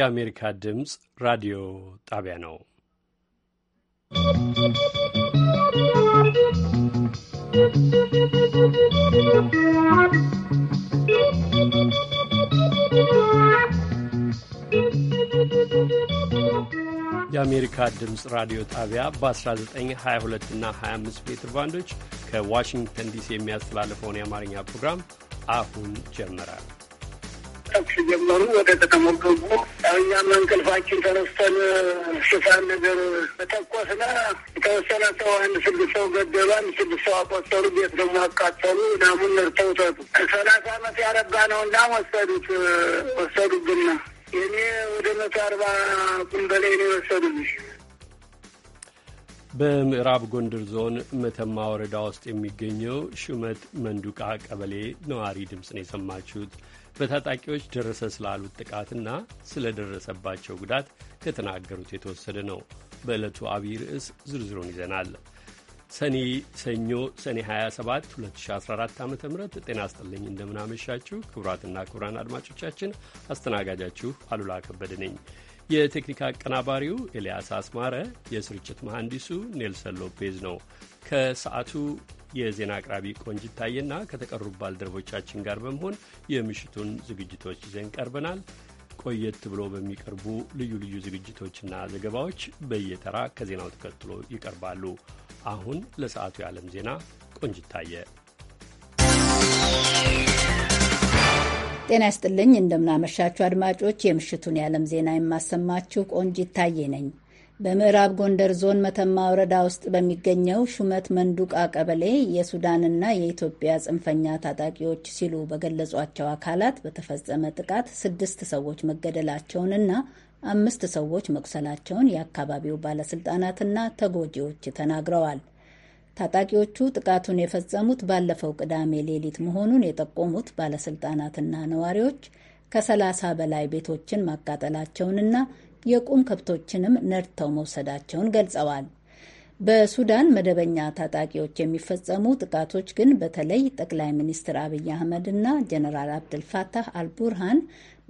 የአሜሪካ ድምፅ ራዲዮ ጣቢያ ነው። የአሜሪካ ድምፅ ራዲዮ ጣቢያ በ1922 እና 25 ሜትር ባንዶች ከዋሽንግተን ዲሲ የሚያስተላልፈውን የአማርኛ ፕሮግራም አሁን ጀምራል። ተኩስ ጀመሩ። ወደ ከተማው ገቡ። እኛም እንቅልፋችን ተነስተን ሽፋን ነገር ተኮስና የተወሰነ ሰው አንድ ስድስት ሰው ገደሉ። አንድ ስድስት ሰው አቆሰሉ። ቤት ደግሞ አቃጠሉ። ናሙን ነርተው ተቱ ሰላሳ አመት ያረባ ነው እና ወሰዱት ወሰዱብና የኔ ወደ መቶ አርባ ቁንበላይ ነው የወሰዱልሽ። በምዕራብ ጎንደር ዞን መተማ ወረዳ ውስጥ የሚገኘው ሹመት መንዱቃ ቀበሌ ነዋሪ ድምፅ ነው የሰማችሁት። በታጣቂዎች ደረሰ ስላሉት ጥቃትና ስለደረሰባቸው ጉዳት ከተናገሩት የተወሰደ ነው። በዕለቱ አብይ ርዕስ ዝርዝሩን ይዘናል። ሰኔ ሰኞ ሰኔ 27 2014 ዓ ም ጤና ይስጥልኝ እንደምናመሻችሁ ክቡራትና ክቡራን አድማጮቻችን አስተናጋጃችሁ አሉላ ከበደ ነኝ። የቴክኒክ አቀናባሪው ኤልያስ አስማረ፣ የስርጭት መሐንዲሱ ኔልሰን ሎፔዝ ነው። ከሰዓቱ የዜና አቅራቢ ቆንጅት ታየና ከተቀሩ ባልደረቦቻችን ጋር በመሆን የምሽቱን ዝግጅቶች ይዘን ቀርበናል። ቆየት ብሎ በሚቀርቡ ልዩ ልዩ ዝግጅቶችና ዘገባዎች በየተራ ከዜናው ተከትሎ ይቀርባሉ። አሁን ለሰዓቱ የዓለም ዜና ቆንጅት ታየ። ጤና ይስጥልኝ። እንደምናመሻችሁ አድማጮች፣ የምሽቱን የዓለም ዜና የማሰማችሁ ቆንጅት ታየ ነኝ። በምዕራብ ጎንደር ዞን መተማ ወረዳ ውስጥ በሚገኘው ሹመት መንዱቃ ቀበሌ የሱዳንና የኢትዮጵያ ጽንፈኛ ታጣቂዎች ሲሉ በገለጿቸው አካላት በተፈጸመ ጥቃት ስድስት ሰዎች መገደላቸውንና አምስት ሰዎች መቁሰላቸውን የአካባቢው ባለስልጣናትና ተጎጂዎች ተናግረዋል። ታጣቂዎቹ ጥቃቱን የፈጸሙት ባለፈው ቅዳሜ ሌሊት መሆኑን የጠቆሙት ባለስልጣናትና ነዋሪዎች ከሰላሳ በላይ ቤቶችን ማቃጠላቸውንና የቁም ከብቶችንም ነድተው መውሰዳቸውን ገልጸዋል። በሱዳን መደበኛ ታጣቂዎች የሚፈጸሙ ጥቃቶች ግን በተለይ ጠቅላይ ሚኒስትር አብይ አህመድ እና ጀነራል አብድልፋታህ አልቡርሃን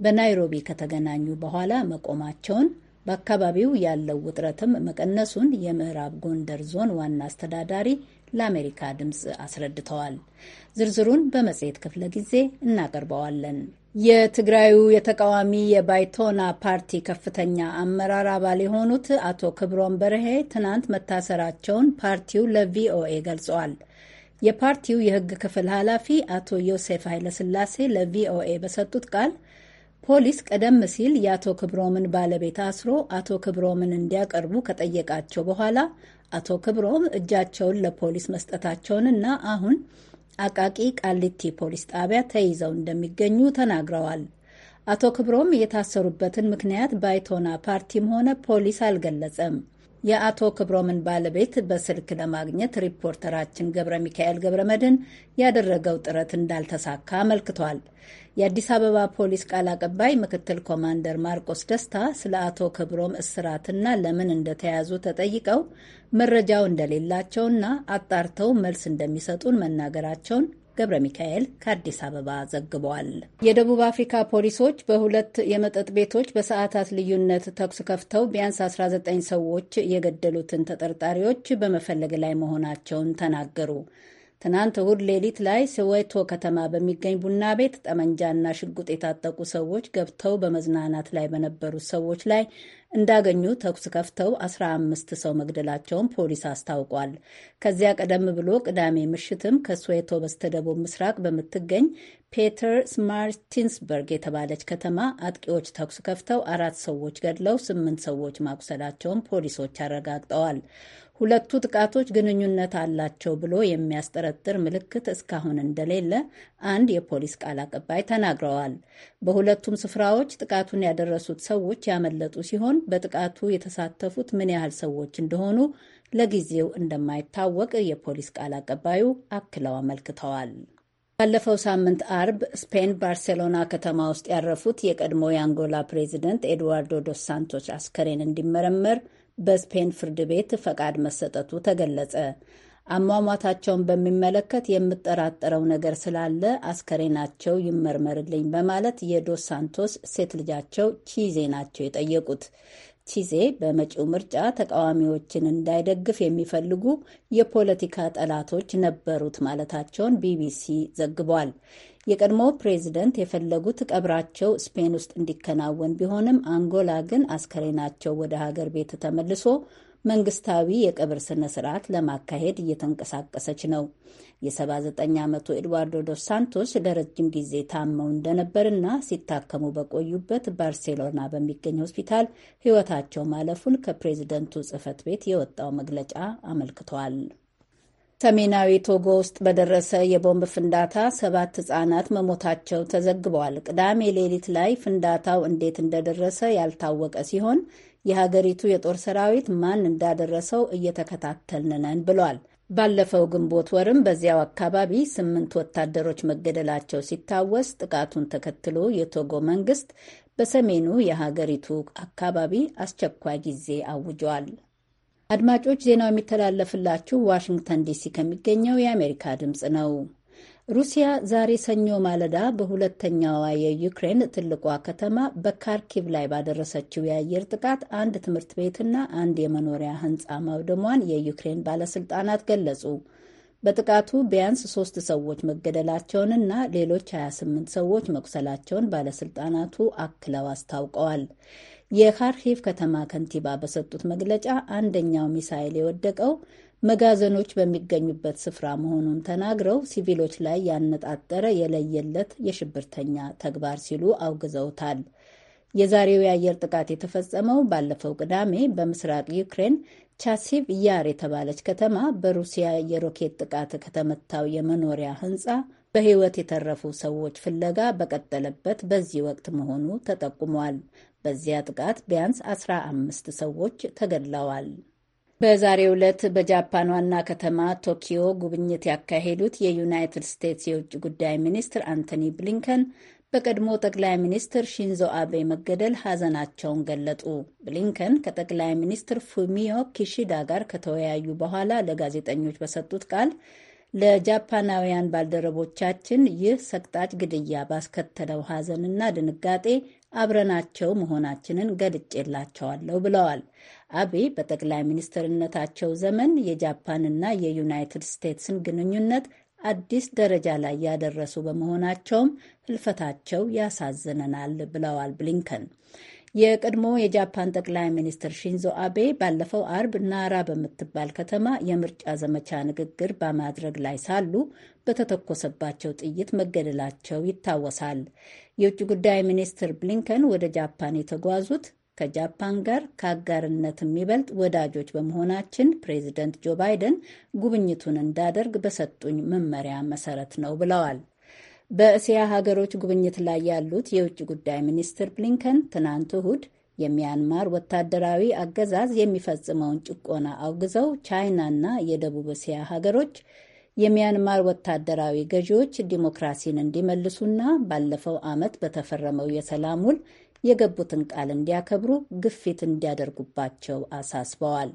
በናይሮቢ ከተገናኙ በኋላ መቆማቸውን በአካባቢው ያለው ውጥረትም መቀነሱን የምዕራብ ጎንደር ዞን ዋና አስተዳዳሪ ለአሜሪካ ድምፅ አስረድተዋል። ዝርዝሩን በመጽሔት ክፍለ ጊዜ እናቀርበዋለን። የትግራዩ የተቃዋሚ የባይቶና ፓርቲ ከፍተኛ አመራር አባል የሆኑት አቶ ክብሮም በርሄ ትናንት መታሰራቸውን ፓርቲው ለቪኦኤ ገልጸዋል። የፓርቲው የሕግ ክፍል ኃላፊ አቶ ዮሴፍ ኃይለስላሴ ለቪኦኤ በሰጡት ቃል ፖሊስ ቀደም ሲል የአቶ ክብሮምን ባለቤት አስሮ አቶ ክብሮምን እንዲያቀርቡ ከጠየቃቸው በኋላ አቶ ክብሮም እጃቸውን ለፖሊስ መስጠታቸውንና አሁን አቃቂ ቃሊቲ ፖሊስ ጣቢያ ተይዘው እንደሚገኙ ተናግረዋል። አቶ ክብሮም የታሰሩበትን ምክንያት ባይቶና ፓርቲም ሆነ ፖሊስ አልገለጸም። የአቶ ክብሮምን ባለቤት በስልክ ለማግኘት ሪፖርተራችን ገብረ ሚካኤል ገብረ መድን ያደረገው ጥረት እንዳልተሳካ አመልክቷል። የአዲስ አበባ ፖሊስ ቃል አቀባይ ምክትል ኮማንደር ማርቆስ ደስታ ስለ አቶ ክብሮም እስራትና ለምን እንደተያዙ ተጠይቀው መረጃው እንደሌላቸውና አጣርተው መልስ እንደሚሰጡን መናገራቸውን ገብረ ሚካኤል ከአዲስ አበባ ዘግቧል። የደቡብ አፍሪካ ፖሊሶች በሁለት የመጠጥ ቤቶች በሰዓታት ልዩነት ተኩስ ከፍተው ቢያንስ 19 ሰዎች የገደሉትን ተጠርጣሪዎች በመፈለግ ላይ መሆናቸውን ተናገሩ። ትናንት እሁድ ሌሊት ላይ ስዌቶ ከተማ በሚገኝ ቡና ቤት ጠመንጃና ሽጉጥ የታጠቁ ሰዎች ገብተው በመዝናናት ላይ በነበሩት ሰዎች ላይ እንዳገኙ ተኩስ ከፍተው 15 ሰው መግደላቸውን ፖሊስ አስታውቋል። ከዚያ ቀደም ብሎ ቅዳሜ ምሽትም ከስዌቶ በስተደቡብ ምስራቅ በምትገኝ ፔተር ስማርቲንስበርግ የተባለች ከተማ አጥቂዎች ተኩስ ከፍተው አራት ሰዎች ገድለው ስምንት ሰዎች ማቁሰላቸውን ፖሊሶች አረጋግጠዋል። ሁለቱ ጥቃቶች ግንኙነት አላቸው ብሎ የሚያስጠረጥር ምልክት እስካሁን እንደሌለ አንድ የፖሊስ ቃል አቀባይ ተናግረዋል። በሁለቱም ስፍራዎች ጥቃቱን ያደረሱት ሰዎች ያመለጡ ሲሆን በጥቃቱ የተሳተፉት ምን ያህል ሰዎች እንደሆኑ ለጊዜው እንደማይታወቅ የፖሊስ ቃል አቀባዩ አክለው አመልክተዋል። ባለፈው ሳምንት አርብ ስፔን ባርሴሎና ከተማ ውስጥ ያረፉት የቀድሞ የአንጎላ ፕሬዚደንት ኤድዋርዶ ዶስ ሳንቶስ አስከሬን እንዲመረመር በስፔን ፍርድ ቤት ፈቃድ መሰጠቱ ተገለጸ። አሟሟታቸውን በሚመለከት የምጠራጠረው ነገር ስላለ አስከሬናቸው ይመርመርልኝ በማለት የዶስ ሳንቶስ ሴት ልጃቸው ቺዜ ናቸው የጠየቁት። ቺዜ በመጪው ምርጫ ተቃዋሚዎችን እንዳይደግፍ የሚፈልጉ የፖለቲካ ጠላቶች ነበሩት ማለታቸውን ቢቢሲ ዘግቧል። የቀድሞ ፕሬዝደንት የፈለጉት ቀብራቸው ስፔን ውስጥ እንዲከናወን ቢሆንም አንጎላ ግን አስከሬናቸው ወደ ሀገር ቤት ተመልሶ መንግስታዊ የቀብር ስነ ስርዓት ለማካሄድ እየተንቀሳቀሰች ነው። የ79 ዓመቱ ኤድዋርዶ ዶስ ሳንቶስ ለረጅም ጊዜ ታመው እንደነበርና ሲታከሙ በቆዩበት ባርሴሎና በሚገኝ ሆስፒታል ሕይወታቸው ማለፉን ከፕሬዝደንቱ ጽህፈት ቤት የወጣው መግለጫ አመልክቷል። ሰሜናዊ ቶጎ ውስጥ በደረሰ የቦምብ ፍንዳታ ሰባት ህጻናት መሞታቸው ተዘግበዋል። ቅዳሜ ሌሊት ላይ ፍንዳታው እንዴት እንደደረሰ ያልታወቀ ሲሆን የሀገሪቱ የጦር ሰራዊት ማን እንዳደረሰው እየተከታተልን ነን ብሏል። ባለፈው ግንቦት ወርም በዚያው አካባቢ ስምንት ወታደሮች መገደላቸው ሲታወስ ጥቃቱን ተከትሎ የቶጎ መንግስት በሰሜኑ የሀገሪቱ አካባቢ አስቸኳይ ጊዜ አውጇል። አድማጮች ዜናው የሚተላለፍላችሁ ዋሽንግተን ዲሲ ከሚገኘው የአሜሪካ ድምፅ ነው። ሩሲያ ዛሬ ሰኞ ማለዳ በሁለተኛዋ የዩክሬን ትልቋ ከተማ በካርኪቭ ላይ ባደረሰችው የአየር ጥቃት አንድ ትምህርት ቤትና አንድ የመኖሪያ ህንፃ ማውደሟን የዩክሬን ባለስልጣናት ገለጹ። በጥቃቱ ቢያንስ ሶስት ሰዎች መገደላቸውንና ሌሎች 28 ሰዎች መቁሰላቸውን ባለስልጣናቱ አክለው አስታውቀዋል። የካርኪቭ ከተማ ከንቲባ በሰጡት መግለጫ አንደኛው ሚሳይል የወደቀው መጋዘኖች በሚገኙበት ስፍራ መሆኑን ተናግረው ሲቪሎች ላይ ያነጣጠረ የለየለት የሽብርተኛ ተግባር ሲሉ አውግዘውታል። የዛሬው የአየር ጥቃት የተፈጸመው ባለፈው ቅዳሜ በምስራቅ ዩክሬን ቻሲቭ ያር የተባለች ከተማ በሩሲያ የሮኬት ጥቃት ከተመታው የመኖሪያ ሕንፃ በህይወት የተረፉ ሰዎች ፍለጋ በቀጠለበት በዚህ ወቅት መሆኑ ተጠቁሟል። በዚያ ጥቃት ቢያንስ 15 ሰዎች ተገድለዋል። በዛሬው ዕለት በጃፓን ዋና ከተማ ቶኪዮ ጉብኝት ያካሄዱት የዩናይትድ ስቴትስ የውጭ ጉዳይ ሚኒስትር አንቶኒ ብሊንከን በቀድሞ ጠቅላይ ሚኒስትር ሺንዞ አቤ መገደል ሐዘናቸውን ገለጡ። ብሊንከን ከጠቅላይ ሚኒስትር ፉሚዮ ኪሺዳ ጋር ከተወያዩ በኋላ ለጋዜጠኞች በሰጡት ቃል ለጃፓናውያን ባልደረቦቻችን ይህ ሰቅጣጭ ግድያ ባስከተለው ሐዘንና ድንጋጤ አብረናቸው መሆናችንን ገልጬላቸዋለሁ ብለዋል። አቤ በጠቅላይ ሚኒስትርነታቸው ዘመን የጃፓንና የዩናይትድ ስቴትስን ግንኙነት አዲስ ደረጃ ላይ ያደረሱ በመሆናቸውም ህልፈታቸው ያሳዝነናል ብለዋል ብሊንከን። የቀድሞ የጃፓን ጠቅላይ ሚኒስትር ሺንዞ አቤ ባለፈው አርብ ናራ በምትባል ከተማ የምርጫ ዘመቻ ንግግር በማድረግ ላይ ሳሉ በተተኮሰባቸው ጥይት መገደላቸው ይታወሳል። የውጭ ጉዳይ ሚኒስትር ብሊንከን ወደ ጃፓን የተጓዙት ከጃፓን ጋር ከአጋርነት የሚበልጥ ወዳጆች በመሆናችን ፕሬዚደንት ጆ ባይደን ጉብኝቱን እንዳደርግ በሰጡኝ መመሪያ መሰረት ነው ብለዋል። በእስያ ሀገሮች ጉብኝት ላይ ያሉት የውጭ ጉዳይ ሚኒስትር ብሊንከን ትናንት እሁድ የሚያንማር ወታደራዊ አገዛዝ የሚፈጽመውን ጭቆና አውግዘው ቻይናና የደቡብ እስያ ሀገሮች የሚያንማር ወታደራዊ ገዢዎች ዲሞክራሲን እንዲመልሱና ባለፈው ዓመት በተፈረመው የሰላም ውል የገቡትን ቃል እንዲያከብሩ ግፊት እንዲያደርጉባቸው አሳስበዋል።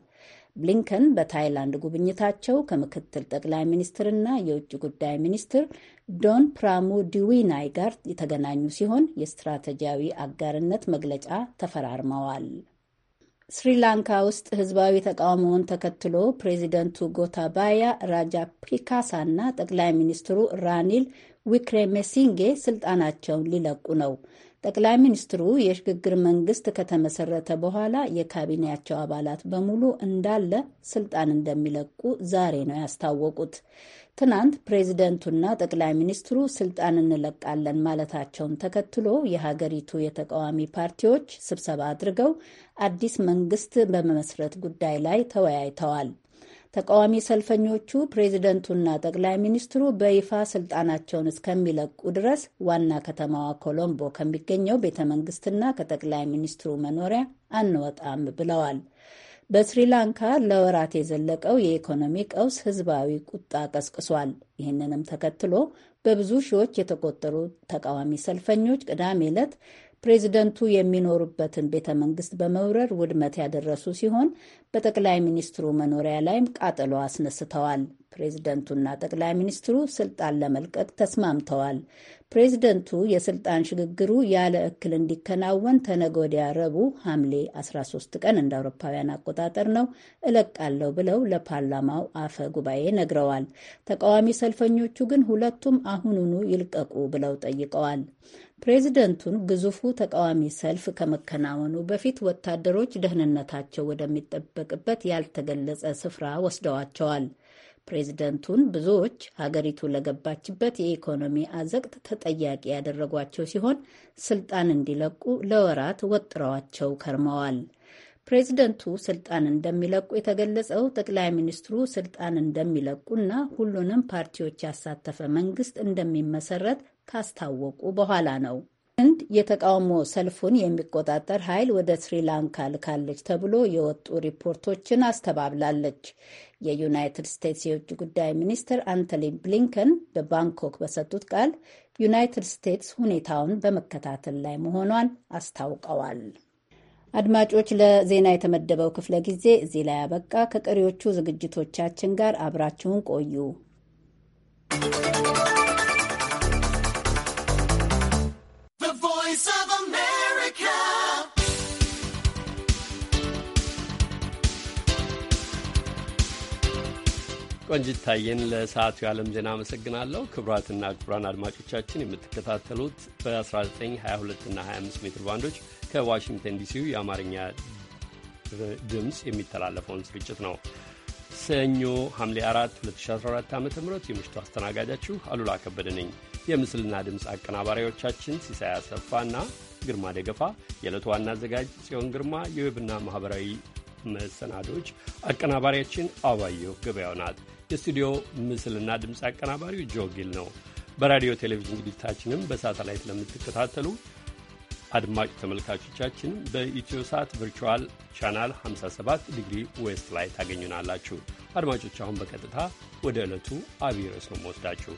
ብሊንከን በታይላንድ ጉብኝታቸው ከምክትል ጠቅላይ ሚኒስትርና የውጭ ጉዳይ ሚኒስትር ዶን ዲዊናይ ጋር የተገናኙ ሲሆን የስትራቴጂያዊ አጋርነት መግለጫ ተፈራርመዋል። ስሪላንካ ውስጥ ህዝባዊ ተቃውሞውን ተከትሎ ፕሬዚደንቱ ጎታባያ ራጃፒካሳና ጠቅላይ ሚኒስትሩ ራኒል ዊክሬሜሲንጌ ስልጣናቸውን ሊለቁ ነው። ጠቅላይ ሚኒስትሩ የሽግግር መንግስት ከተመሰረተ በኋላ የካቢኔያቸው አባላት በሙሉ እንዳለ ስልጣን እንደሚለቁ ዛሬ ነው ያስታወቁት። ትናንት ፕሬዚደንቱና ጠቅላይ ሚኒስትሩ ስልጣን እንለቃለን ማለታቸውን ተከትሎ የሀገሪቱ የተቃዋሚ ፓርቲዎች ስብሰባ አድርገው አዲስ መንግስት በመመስረት ጉዳይ ላይ ተወያይተዋል። ተቃዋሚ ሰልፈኞቹ ፕሬዚደንቱና ጠቅላይ ሚኒስትሩ በይፋ ስልጣናቸውን እስከሚለቁ ድረስ ዋና ከተማዋ ኮሎምቦ ከሚገኘው ቤተ መንግስትና ከጠቅላይ ሚኒስትሩ መኖሪያ አንወጣም ብለዋል። በስሪላንካ ለወራት የዘለቀው የኢኮኖሚ ቀውስ ህዝባዊ ቁጣ ቀስቅሷል። ይህንንም ተከትሎ በብዙ ሺዎች የተቆጠሩ ተቃዋሚ ሰልፈኞች ቅዳሜ ዕለት ፕሬዚደንቱ የሚኖሩበትን ቤተ መንግስት በመውረር ውድመት ያደረሱ ሲሆን በጠቅላይ ሚኒስትሩ መኖሪያ ላይም ቃጠሎ አስነስተዋል። ፕሬዚደንቱና ጠቅላይ ሚኒስትሩ ስልጣን ለመልቀቅ ተስማምተዋል። ፕሬዚደንቱ የስልጣን ሽግግሩ ያለ እክል እንዲከናወን ተነገ ወዲያ ረቡዕ ሐምሌ 13 ቀን እንደ አውሮፓውያን አቆጣጠር ነው እለቃለሁ ብለው ለፓርላማው አፈ ጉባኤ ነግረዋል። ተቃዋሚ ሰልፈኞቹ ግን ሁለቱም አሁኑኑ ይልቀቁ ብለው ጠይቀዋል። ፕሬዚደንቱን ግዙፉ ተቃዋሚ ሰልፍ ከመከናወኑ በፊት ወታደሮች ደህንነታቸው ወደሚጠበቅበት ያልተገለጸ ስፍራ ወስደዋቸዋል። ፕሬዚደንቱን ብዙዎች ሀገሪቱ ለገባችበት የኢኮኖሚ አዘቅት ተጠያቂ ያደረጓቸው ሲሆን ስልጣን እንዲለቁ ለወራት ወጥረዋቸው ከርመዋል። ፕሬዚደንቱ ስልጣን እንደሚለቁ የተገለጸው ጠቅላይ ሚኒስትሩ ስልጣን እንደሚለቁና ሁሉንም ፓርቲዎች ያሳተፈ መንግስት እንደሚመሰረት ካስታወቁ በኋላ ነው። ህንድ የተቃውሞ ሰልፉን የሚቆጣጠር ኃይል ወደ ስሪላንካ ልካለች ተብሎ የወጡ ሪፖርቶችን አስተባብላለች። የዩናይትድ ስቴትስ የውጭ ጉዳይ ሚኒስትር አንቶኒ ብሊንከን በባንኮክ በሰጡት ቃል ዩናይትድ ስቴትስ ሁኔታውን በመከታተል ላይ መሆኗን አስታውቀዋል። አድማጮች፣ ለዜና የተመደበው ክፍለ ጊዜ እዚህ ላይ አበቃ። ከቀሪዎቹ ዝግጅቶቻችን ጋር አብራችሁን ቆዩ። ቆንጂት ታየን ለሰዓቱ የዓለም ዜና አመሰግናለሁ። ክቡራትና ክቡራን አድማጮቻችን የምትከታተሉት በ1922 እና 25 ሜትር ባንዶች ከዋሽንግተን ዲሲው የአማርኛ ድምፅ የሚተላለፈውን ስርጭት ነው። ሰኞ ሐምሌ 4 2014 ዓ ም የምሽቱ አስተናጋጃችሁ አሉላ ከበደ ነኝ። የምስልና ድምፅ አቀናባሪዎቻችን ሲሳይ አሰፋ እና ግርማ ደገፋ፣ የዕለቱ ዋና አዘጋጅ ጽዮን ግርማ፣ የዌብና ማኅበራዊ መሰናዶች አቀናባሪያችን አባየሁ ገበያው ናት። የስቱዲዮ ምስልና ድምፅ አቀናባሪው ጆጊል ነው። በራዲዮ ቴሌቪዥን ዝግጅታችንም በሳተላይት ለምትከታተሉ አድማጭ ተመልካቾቻችን በኢትዮ ሳት ቨርቹዋል ቻናል 57 ዲግሪ ዌስት ላይ ታገኙናላችሁ። አድማጮች አሁን በቀጥታ ወደ ዕለቱ አብይ ርዕስ ነው መወስዳችሁ።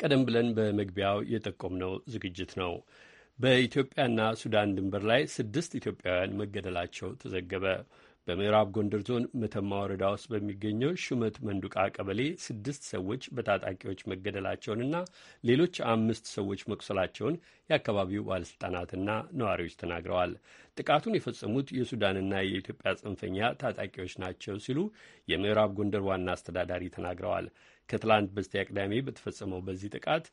ቀደም ብለን በመግቢያው የጠቆምነው ዝግጅት ነው። በኢትዮጵያና ሱዳን ድንበር ላይ ስድስት ኢትዮጵያውያን መገደላቸው ተዘገበ። በምዕራብ ጎንደር ዞን መተማ ወረዳ ውስጥ በሚገኘው ሹመት መንዱቃ ቀበሌ ስድስት ሰዎች በታጣቂዎች መገደላቸውንና ሌሎች አምስት ሰዎች መቁሰላቸውን የአካባቢው ባለሥልጣናትና ነዋሪዎች ተናግረዋል። ጥቃቱን የፈጸሙት የሱዳንና የኢትዮጵያ ጽንፈኛ ታጣቂዎች ናቸው ሲሉ የምዕራብ ጎንደር ዋና አስተዳዳሪ ተናግረዋል። ከትላንት በስቲያ ቅዳሜ በተፈጸመው በዚህ ጥቃት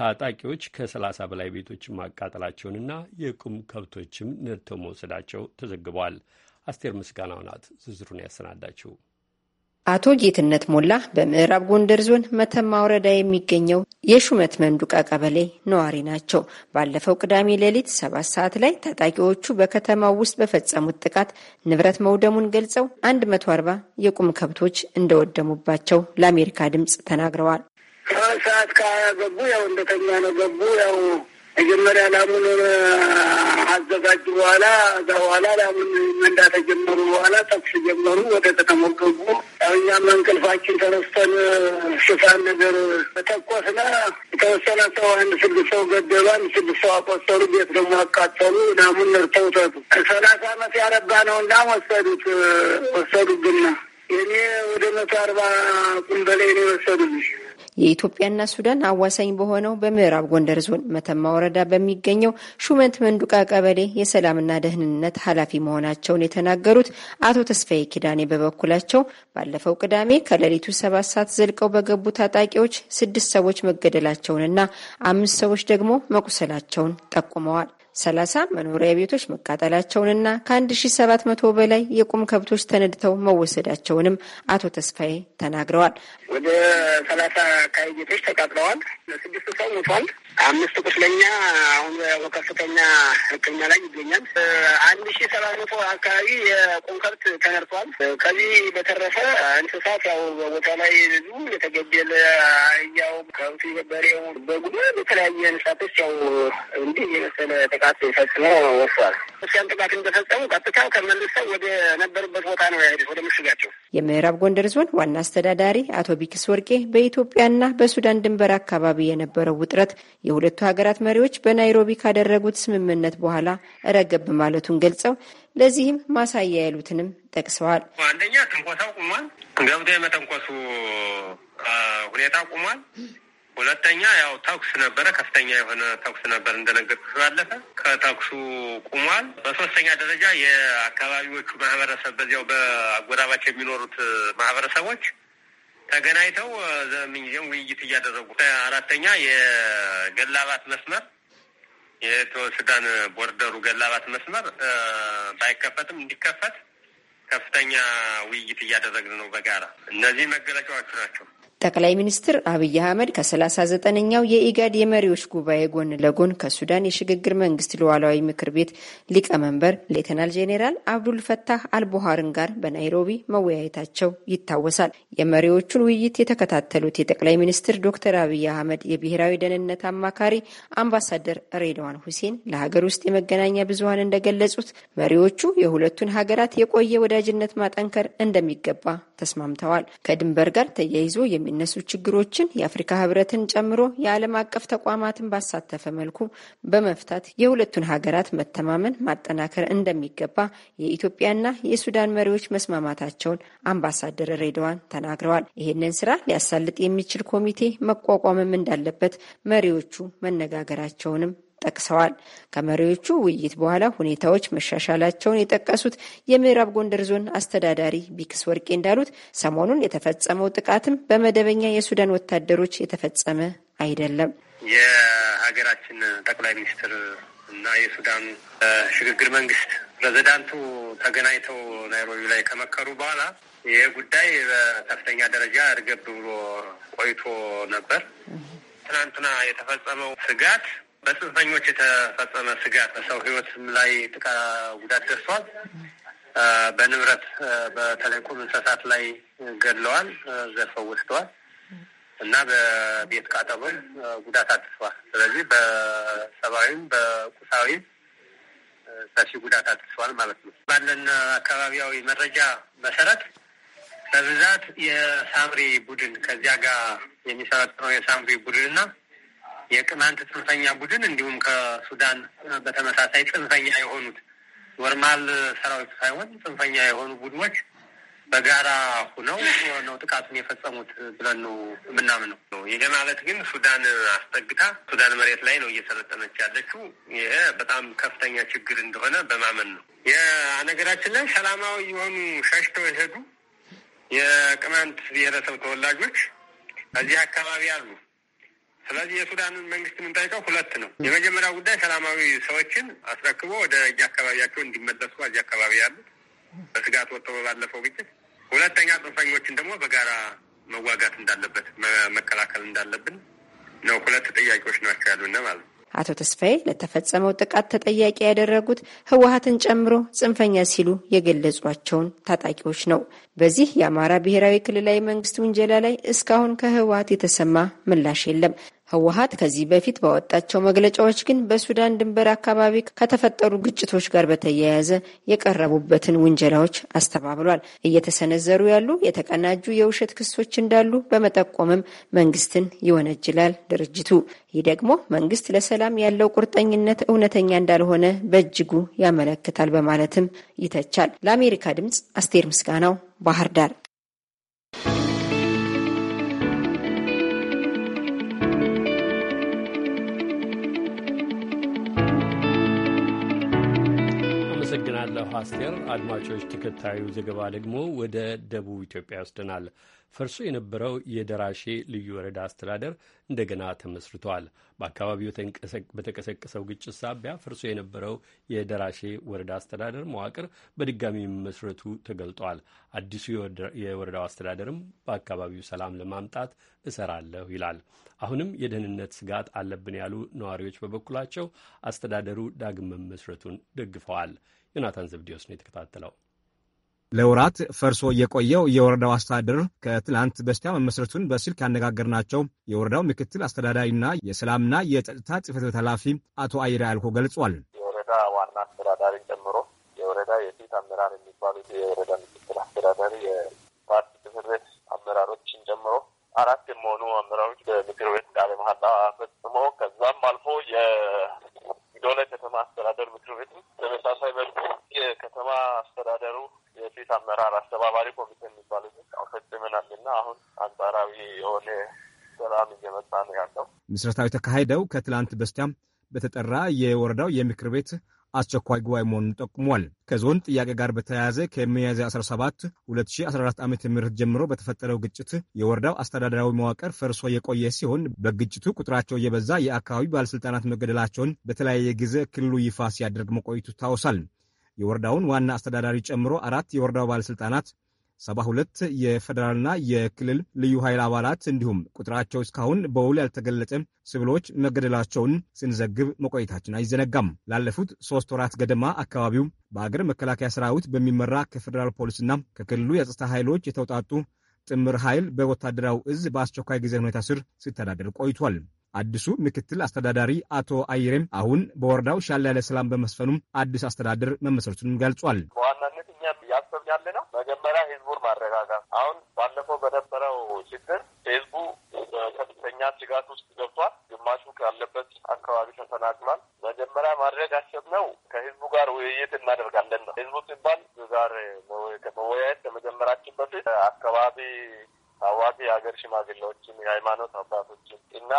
ታጣቂዎች ከሰላሳ በላይ ቤቶችን ማቃጠላቸውንና የቁም ከብቶችም ነድተው መውሰዳቸው ተዘግቧል። አስቴር ምስጋናው ናት ዝርዝሩን ያሰናዳችው። አቶ ጌትነት ሞላ በምዕራብ ጎንደር ዞን መተማ ወረዳ የሚገኘው የሹመት መንዱቃ ቀበሌ ነዋሪ ናቸው። ባለፈው ቅዳሜ ሌሊት ሰባት ሰዓት ላይ ታጣቂዎቹ በከተማው ውስጥ በፈጸሙት ጥቃት ንብረት መውደሙን ገልጸው አንድ00 አርባ የቁም ከብቶች እንደወደሙባቸው ለአሜሪካ ድምፅ ተናግረዋል። ሰባት ሰዓት ከሀያ ገቡ ያው እንደተኛ ነው ገቡ ያው መጀመሪያ ላሙን አዘጋጁ። በኋላ እዛ በኋላ ላሙን መንዳት ተጀመሩ። በኋላ ተኩስ ጀመሩ። ወደ ከተማው ገቡ። እኛም እንቅልፋችን ተነስተን ሽፋን ነገር ተኮስና የተወሰነ ሰው አንድ ስድስት ሰው ገደሉ። አንድ ስድስት ሰው አቆሰሉ። ቤት ደግሞ አቃጠሉ። ላሙን ነርተው ተቱ ሰላሳ አመት ያረባ ነው ነውና ወሰዱት ወሰዱብና የኔ ወደ መቶ አርባ ቁንበላይ ነው የወሰዱብኝ የኢትዮጵያና ሱዳን አዋሳኝ በሆነው በምዕራብ ጎንደር ዞን መተማ ወረዳ በሚገኘው ሹመንት መንዱቃ ቀበሌ የሰላምና ደህንነት ኃላፊ መሆናቸውን የተናገሩት አቶ ተስፋዬ ኪዳኔ በበኩላቸው ባለፈው ቅዳሜ ከሌሊቱ ሰባት ሰዓት ዘልቀው በገቡ ታጣቂዎች ስድስት ሰዎች መገደላቸውንና አምስት ሰዎች ደግሞ መቁሰላቸውን ጠቁመዋል። 30 መኖሪያ ቤቶች መቃጠላቸውንና ከ1700 በላይ የቁም ከብቶች ተነድተው መወሰዳቸውንም አቶ ተስፋዬ ተናግረዋል። ወደ 30 አካባቢ ቤቶች ተቃጥለዋል። ለስድስት ሰው ሞቷል። አምስቱ ቁስለኛ አሁን በከፍተኛ ሕክምና ላይ ይገኛል። አንድ ሺ ሰባት መቶ አካባቢ የቁንከብት ተነርቷል። ከዚህ በተረፈ እንስሳት ያው በቦታ ላይ ብዙ የተገደለ ያው ከብቱ፣ በሬው፣ በጉዶ የተለያየ እንስሳቶች ያው እንዲህ የመሰለ ጥቃት ፈጽሞ ወስዷል። እስያን ጥቃት እንደፈጸሙ ቀጥታ ከመልሰው ወደ ነበሩበት ቦታ ነው ያሄዱት ወደ ምሽጋቸው። የምዕራብ ጎንደር ዞን ዋና አስተዳዳሪ አቶ ቢክስ ወርቄ በኢትዮጵያና በሱዳን ድንበር አካባቢ የነበረው ውጥረት የሁለቱ ሀገራት መሪዎች በናይሮቢ ካደረጉት ስምምነት በኋላ ረገብ ማለቱን ገልጸው ለዚህም ማሳያ ያሉትንም ጠቅሰዋል። አንደኛ ትንኮሳው ቁሟል፣ ገብቶ የመተንኮሱ ሁኔታ ቁሟል። ሁለተኛ ያው ተኩስ ነበረ፣ ከፍተኛ የሆነ ተኩስ ነበር እንደነገርኩ ስላለፈ ከተኩሱ ቁሟል። በሶስተኛ ደረጃ የአካባቢዎቹ ማህበረሰብ በዚያው በአጎራባች የሚኖሩት ማህበረሰቦች ተገናኝተው ምንጊዜም ውይይት እያደረጉ አራተኛ የገላባት መስመር የኢትዮ ሱዳን ቦርደሩ ገላባት መስመር ባይከፈትም እንዲከፈት ከፍተኛ ውይይት እያደረግን ነው በጋራ። እነዚህ መገለጫዎቹ ናቸው። ጠቅላይ ሚኒስትር አብይ አህመድ ከ39ኛው የኢጋድ የመሪዎች ጉባኤ ጎን ለጎን ከሱዳን የሽግግር መንግስት ሉዓላዊ ምክር ቤት ሊቀመንበር ሌተናል ጄኔራል አብዱል ፈታህ አልቡሃርን ጋር በናይሮቢ መወያየታቸው ይታወሳል። የመሪዎቹን ውይይት የተከታተሉት የጠቅላይ ሚኒስትር ዶክተር አብይ አህመድ የብሔራዊ ደህንነት አማካሪ አምባሳደር ሬድዋን ሁሴን ለሀገር ውስጥ የመገናኛ ብዙኃን እንደገለጹት መሪዎቹ የሁለቱን ሀገራት የቆየ ወዳጅነት ማጠንከር እንደሚገባ ተስማምተዋል። ከድንበር ጋር ተያይዞ የሚ የሚነሱ ችግሮችን የአፍሪካ ህብረትን ጨምሮ የዓለም አቀፍ ተቋማትን ባሳተፈ መልኩ በመፍታት የሁለቱን ሀገራት መተማመን ማጠናከር እንደሚገባ የኢትዮጵያና የሱዳን መሪዎች መስማማታቸውን አምባሳደር ሬድዋን ተናግረዋል። ይህንን ስራ ሊያሳልጥ የሚችል ኮሚቴ መቋቋምም እንዳለበት መሪዎቹ መነጋገራቸውንም ጠቅሰዋል። ከመሪዎቹ ውይይት በኋላ ሁኔታዎች መሻሻላቸውን የጠቀሱት የምዕራብ ጎንደር ዞን አስተዳዳሪ ቢክስ ወርቄ እንዳሉት ሰሞኑን የተፈጸመው ጥቃትም በመደበኛ የሱዳን ወታደሮች የተፈጸመ አይደለም። የሀገራችን ጠቅላይ ሚኒስትር እና የሱዳን ሽግግር መንግስት ፕሬዚዳንቱ ተገናኝተው ናይሮቢ ላይ ከመከሩ በኋላ ይህ ጉዳይ በከፍተኛ ደረጃ እርገብ ብሎ ቆይቶ ነበር። ትናንትና የተፈጸመው ስጋት በጽንፈኞች የተፈጸመ ስጋት በሰው ህይወትም ላይ ጥቃ ጉዳት ደርሷል። በንብረት በተለይ ቁም እንስሳት ላይ ገድለዋል፣ ዘርፈው ወስደዋል እና በቤት ቃጠሎም ጉዳት አድርሰዋል። ስለዚህ በሰብአዊም በቁሳዊም ሰፊ ጉዳት አድርሰዋል ማለት ነው። ባለን አካባቢያዊ መረጃ መሰረት በብዛት የሳምሪ ቡድን ከዚያ ጋር የሚሰለጥነው የሳምሪ ቡድን ና። የቅማንት ጽንፈኛ ቡድን እንዲሁም ከሱዳን በተመሳሳይ ጽንፈኛ የሆኑት ኖርማል ሰራዊት ሳይሆን ጽንፈኛ የሆኑ ቡድኖች በጋራ ሁነው ነው ጥቃቱን የፈጸሙት ብለን ነው የምናምነው። ይሄ ማለት ግን ሱዳን አስጠግታ ሱዳን መሬት ላይ ነው እየሰለጠነች ያለችው። ይሄ በጣም ከፍተኛ ችግር እንደሆነ በማመን ነው። የነገራችን ላይ ሰላማዊ የሆኑ ሸሽተው የሄዱ የቅማንት ብሔረሰብ ተወላጆች እዚህ አካባቢ አሉ። ስለዚህ የሱዳንን መንግስት የምንጠይቀው ሁለት ነው። የመጀመሪያው ጉዳይ ሰላማዊ ሰዎችን አስረክቦ ወደ የአካባቢያቸው እንዲመለሱ እዚህ አካባቢ ያሉት በስጋት ወጥቶ በባለፈው ግጭት፣ ሁለተኛ ጽንፈኞችን ደግሞ በጋራ መዋጋት እንዳለበት መከላከል እንዳለብን ነው። ሁለት ጥያቄዎች ናቸው ያሉና ማለት ነው። አቶ ተስፋዬ ለተፈጸመው ጥቃት ተጠያቂ ያደረጉት ህወሀትን ጨምሮ ጽንፈኛ ሲሉ የገለጿቸውን ታጣቂዎች ነው። በዚህ የአማራ ብሔራዊ ክልላዊ መንግስት ውንጀላ ላይ እስካሁን ከህወሀት የተሰማ ምላሽ የለም። ህወሀት ከዚህ በፊት ባወጣቸው መግለጫዎች ግን በሱዳን ድንበር አካባቢ ከተፈጠሩ ግጭቶች ጋር በተያያዘ የቀረቡበትን ውንጀላዎች አስተባብሏል። እየተሰነዘሩ ያሉ የተቀናጁ የውሸት ክሶች እንዳሉ በመጠቆምም መንግስትን ይወነጅላል ድርጅቱ። ይህ ደግሞ መንግስት ለሰላም ያለው ቁርጠኝነት እውነተኛ እንዳልሆነ በእጅጉ ያመለክታል በማለትም ይተቻል። ለአሜሪካ ድምፅ አስቴር ምስጋናው ባህር ዳር። አመሰግናለሁ አስቴር። አድማጮች፣ ተከታዩ ዘገባ ደግሞ ወደ ደቡብ ኢትዮጵያ ይወስደናል። ፈርሶ የነበረው የደራሼ ልዩ ወረዳ አስተዳደር እንደገና ተመስርቷል። በአካባቢው በተቀሰቀሰው ግጭት ሳቢያ ፈርሶ የነበረው የደራሼ ወረዳ አስተዳደር መዋቅር በድጋሚ መመስረቱ ተገልጧል። አዲሱ የወረዳው አስተዳደርም በአካባቢው ሰላም ለማምጣት እሰራለሁ ይላል። አሁንም የደህንነት ስጋት አለብን ያሉ ነዋሪዎች በበኩላቸው አስተዳደሩ ዳግም መመስረቱን ደግፈዋል። ዮናታን ዘብዲዮስ ነው የተከታተለው። ለወራት ፈርሶ የቆየው የወረዳው አስተዳደር ከትላንት በስቲያ መመስረቱን በስልክ ያነጋገርናቸው የወረዳው ምክትል አስተዳዳሪና የሰላምና የጸጥታ ጽሕፈት ቤት ኃላፊ አቶ አይራ ያልኮ ገልጿል። የወረዳ ዋና አስተዳዳሪ ጨምሮ የወረዳ የፊት አመራር የሚባሉት የወረዳ ምክትል አስተዳዳሪ፣ የፓርቲ ጽሕፈት ቤት አመራሮችን ጨምሮ አራት የሚሆኑ አመራሮች በምክር ቤት ቃለ መሃላ ፈጽሞ ከዛም አልፎ የሆነ ከተማ አስተዳደር ምክር ቤት ተመሳሳይ መልኩ የከተማ አስተዳደሩ የፊት አመራር አስተባባሪ ኮሚቴ የሚባሉ ፈጽመናል እና አሁን አንጻራዊ የሆነ ሰላም እየመጣ ነው ያለው። ምስረታዊ የተካሄደው ከትላንት በስቲያም በተጠራ የወረዳው የምክር ቤት አስቸኳይ ጉባኤ መሆኑን ጠቁሟል። ከዞን ጥያቄ ጋር በተያያዘ ከሚያዝያ 17 2014 ዓ ም ጀምሮ በተፈጠረው ግጭት የወረዳው አስተዳደራዊ መዋቅር ፈርሶ የቆየ ሲሆን በግጭቱ ቁጥራቸው የበዛ የአካባቢ ባለሥልጣናት መገደላቸውን በተለያየ ጊዜ ክልሉ ይፋ ሲያደርግ መቆየቱ ይታወሳል። የወረዳውን ዋና አስተዳዳሪ ጨምሮ አራት የወረዳው ባለሥልጣናት ሰባ ሁለት የፌዴራልና የክልል ልዩ ኃይል አባላት እንዲሁም ቁጥራቸው እስካሁን በውል ያልተገለጸ ሲቪሎች መገደላቸውን ስንዘግብ መቆየታችን አይዘነጋም። ላለፉት ሶስት ወራት ገደማ አካባቢው በአገር መከላከያ ሰራዊት በሚመራ ከፌዴራል ፖሊስና ከክልሉ የጸጥታ ኃይሎች የተውጣጡ ጥምር ኃይል በወታደራዊ እዝ በአስቸኳይ ጊዜ ሁኔታ ስር ሲተዳደር ቆይቷል። አዲሱ ምክትል አስተዳዳሪ አቶ አይሬም አሁን በወረዳው ሻል ያለ ሰላም በመስፈኑም አዲስ አስተዳደር መመሰረቱንም ገልጿል። መረጋጋት። አሁን ባለፈው በነበረው ችግር ህዝቡ ከፍተኛ ስጋት ውስጥ ገብቷል። ግማሹ ካለበት አካባቢ ተፈናቅሏል። መጀመሪያ ማድረግ አሰብነው ከህዝቡ ጋር ውይይት እናደርጋለን ነው። ህዝቡ ሲባል ጋር መወያየት ከመጀመራችን በፊት አካባቢ ታዋቂ የሀገር ሽማግሌዎችን፣ የሃይማኖት አባቶችን እና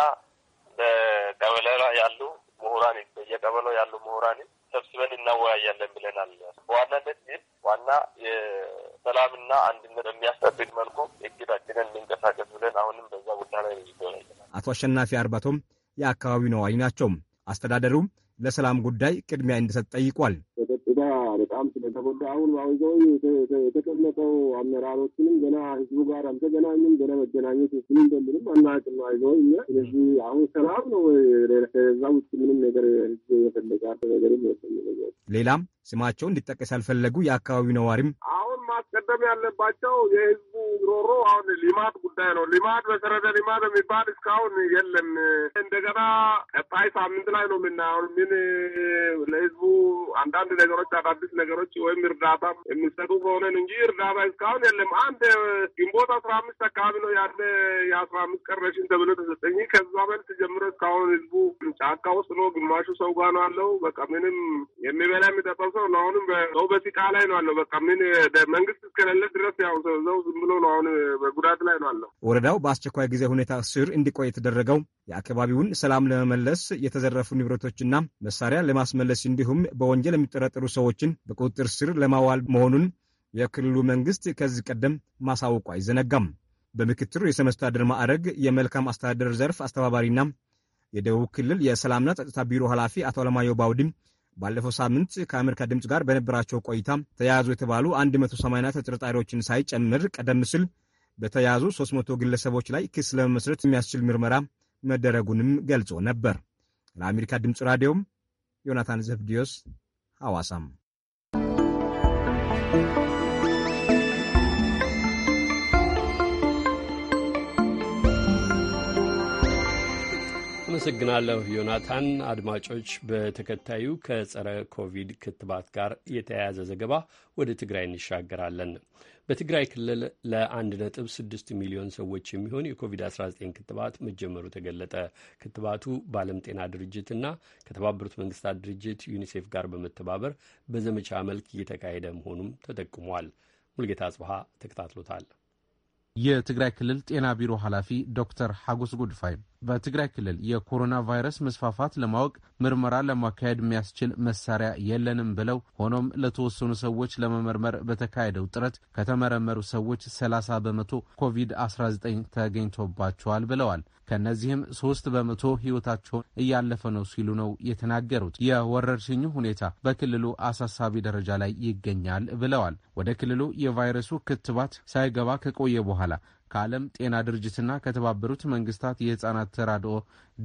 በቀበሌ ያሉ ምሁራን በየቀበሌው ያሉ ምሁራኒ። ሰብስበን እናወያያለን ብለናል። በዋናነት ግን ዋና የሰላምና አንድነት በሚያስጠብቅ መልኩ እግዳችንን ልንቀሳቀስ ብለን አሁንም በዛ ጉዳይ ላይ አቶ አሸናፊ አርባቶም የአካባቢው ነዋሪ ናቸው። አስተዳደሩ ለሰላም ጉዳይ ቅድሚያ እንዲሰጥ ጠይቋል። እዳ በጣም ስለተጎዳ አሁን አውዘው የተቀመጠው አመራሮችንም ገና ህዝቡ ጋር አልተገናኙም። ገና መገናኘት ስም እንደምንም አናውቅም። አይዘው እኛ ስለዚህ አሁን ሰላም ነው። ከዛ ውጭ ምንም ነገር ህዝብ የፈለገ ነገር ሌላም ስማቸው እንዲጠቀስ ያልፈለጉ የአካባቢው ነዋሪም አሁን ማስቀደም ያለባቸው የህዝቡ ሮሮ አሁን ልማት ጉዳይ ነው። ልማት መሰረተ ልማት የሚባል እስካሁን የለም። እንደገና ቀጣይ ሳምንት ላይ ነው ምን ምን ለህዝቡ አንዳንድ ነገሮች ሰዎች አዳዲስ ነገሮች ወይም እርዳታ የሚሰጡ ከሆነን እንጂ እርዳታ እስካሁን የለም። አንድ ግንቦት አስራ አምስት አካባቢ ነው ያለ የአስራ አምስት ቀረሽን ተብሎ ተሰጠኝ። ከዛ መልስ ጀምሮ እስካሁን ህዝቡ ጫካ ውስጥ ነው፣ ግማሹ ሰው ጋ ነው ያለው። በቃ ምንም የሚበላ የሚጠጣው ሰው ነው። አሁንም ሰው በሲቃ ላይ ነው ያለው። በቃ ምን መንግስት እስከሌለ ድረስ ያው ሰው ዝም ብሎ ነው አሁን በጉዳት ላይ ነው ያለው። ወረዳው በአስቸኳይ ጊዜ ሁኔታ ስር እንዲቆይ የተደረገው የአካባቢውን ሰላም ለመመለስ የተዘረፉ ንብረቶችና መሳሪያ ለማስመለስ እንዲሁም በወንጀል የሚጠረጠሩ ሰዎችን በቁጥጥር ስር ለማዋል መሆኑን የክልሉ መንግስት ከዚህ ቀደም ማሳወቁ አይዘነጋም። በምክትል ርዕሰ መስተዳድር ማዕረግ የመልካም አስተዳደር ዘርፍ አስተባባሪና የደቡብ ክልል የሰላምና ጸጥታ ቢሮ ኃላፊ አቶ አለማየሁ ባውዲም ባለፈው ሳምንት ከአሜሪካ ድምፅ ጋር በነበራቸው ቆይታ ተያያዙ የተባሉ 180 ተጠርጣሪዎችን ሳይጨምር ቀደም ሲል በተያያዙ 300 ግለሰቦች ላይ ክስ ለመመስረት የሚያስችል ምርመራ መደረጉንም ገልጾ ነበር። ለአሜሪካ ድምፅ ራዲዮም ዮናታን ዘብዲዮስ ሐዋሳም አመሰግናለሁ ዮናታን። አድማጮች፣ በተከታዩ ከጸረ ኮቪድ ክትባት ጋር የተያያዘ ዘገባ ወደ ትግራይ እንሻገራለን። በትግራይ ክልል ለ1.6 ሚሊዮን ሰዎች የሚሆን የኮቪድ-19 ክትባት መጀመሩ ተገለጠ። ክትባቱ በዓለም ጤና ድርጅትና ከተባበሩት መንግስታት ድርጅት ዩኒሴፍ ጋር በመተባበር በዘመቻ መልክ እየተካሄደ መሆኑም ተጠቁሟል። ሙልጌታ አጽብሃ ተከታትሎታል። የትግራይ ክልል ጤና ቢሮ ኃላፊ ዶክተር ሐጎስ ጉድፋይ በትግራይ ክልል የኮሮና ቫይረስ መስፋፋት ለማወቅ ምርመራ ለማካሄድ የሚያስችል መሳሪያ የለንም ብለው፣ ሆኖም ለተወሰኑ ሰዎች ለመመርመር በተካሄደው ጥረት ከተመረመሩ ሰዎች 30 በመቶ ኮቪድ-19 ተገኝቶባቸዋል ብለዋል። ከእነዚህም ሶስት በመቶ ህይወታቸውን እያለፈ ነው ሲሉ ነው የተናገሩት። የወረርሽኙ ሁኔታ በክልሉ አሳሳቢ ደረጃ ላይ ይገኛል ብለዋል። ወደ ክልሉ የቫይረሱ ክትባት ሳይገባ ከቆየ በኋላ ከዓለም ጤና ድርጅትና ከተባበሩት መንግስታት የህፃናት ተራድኦ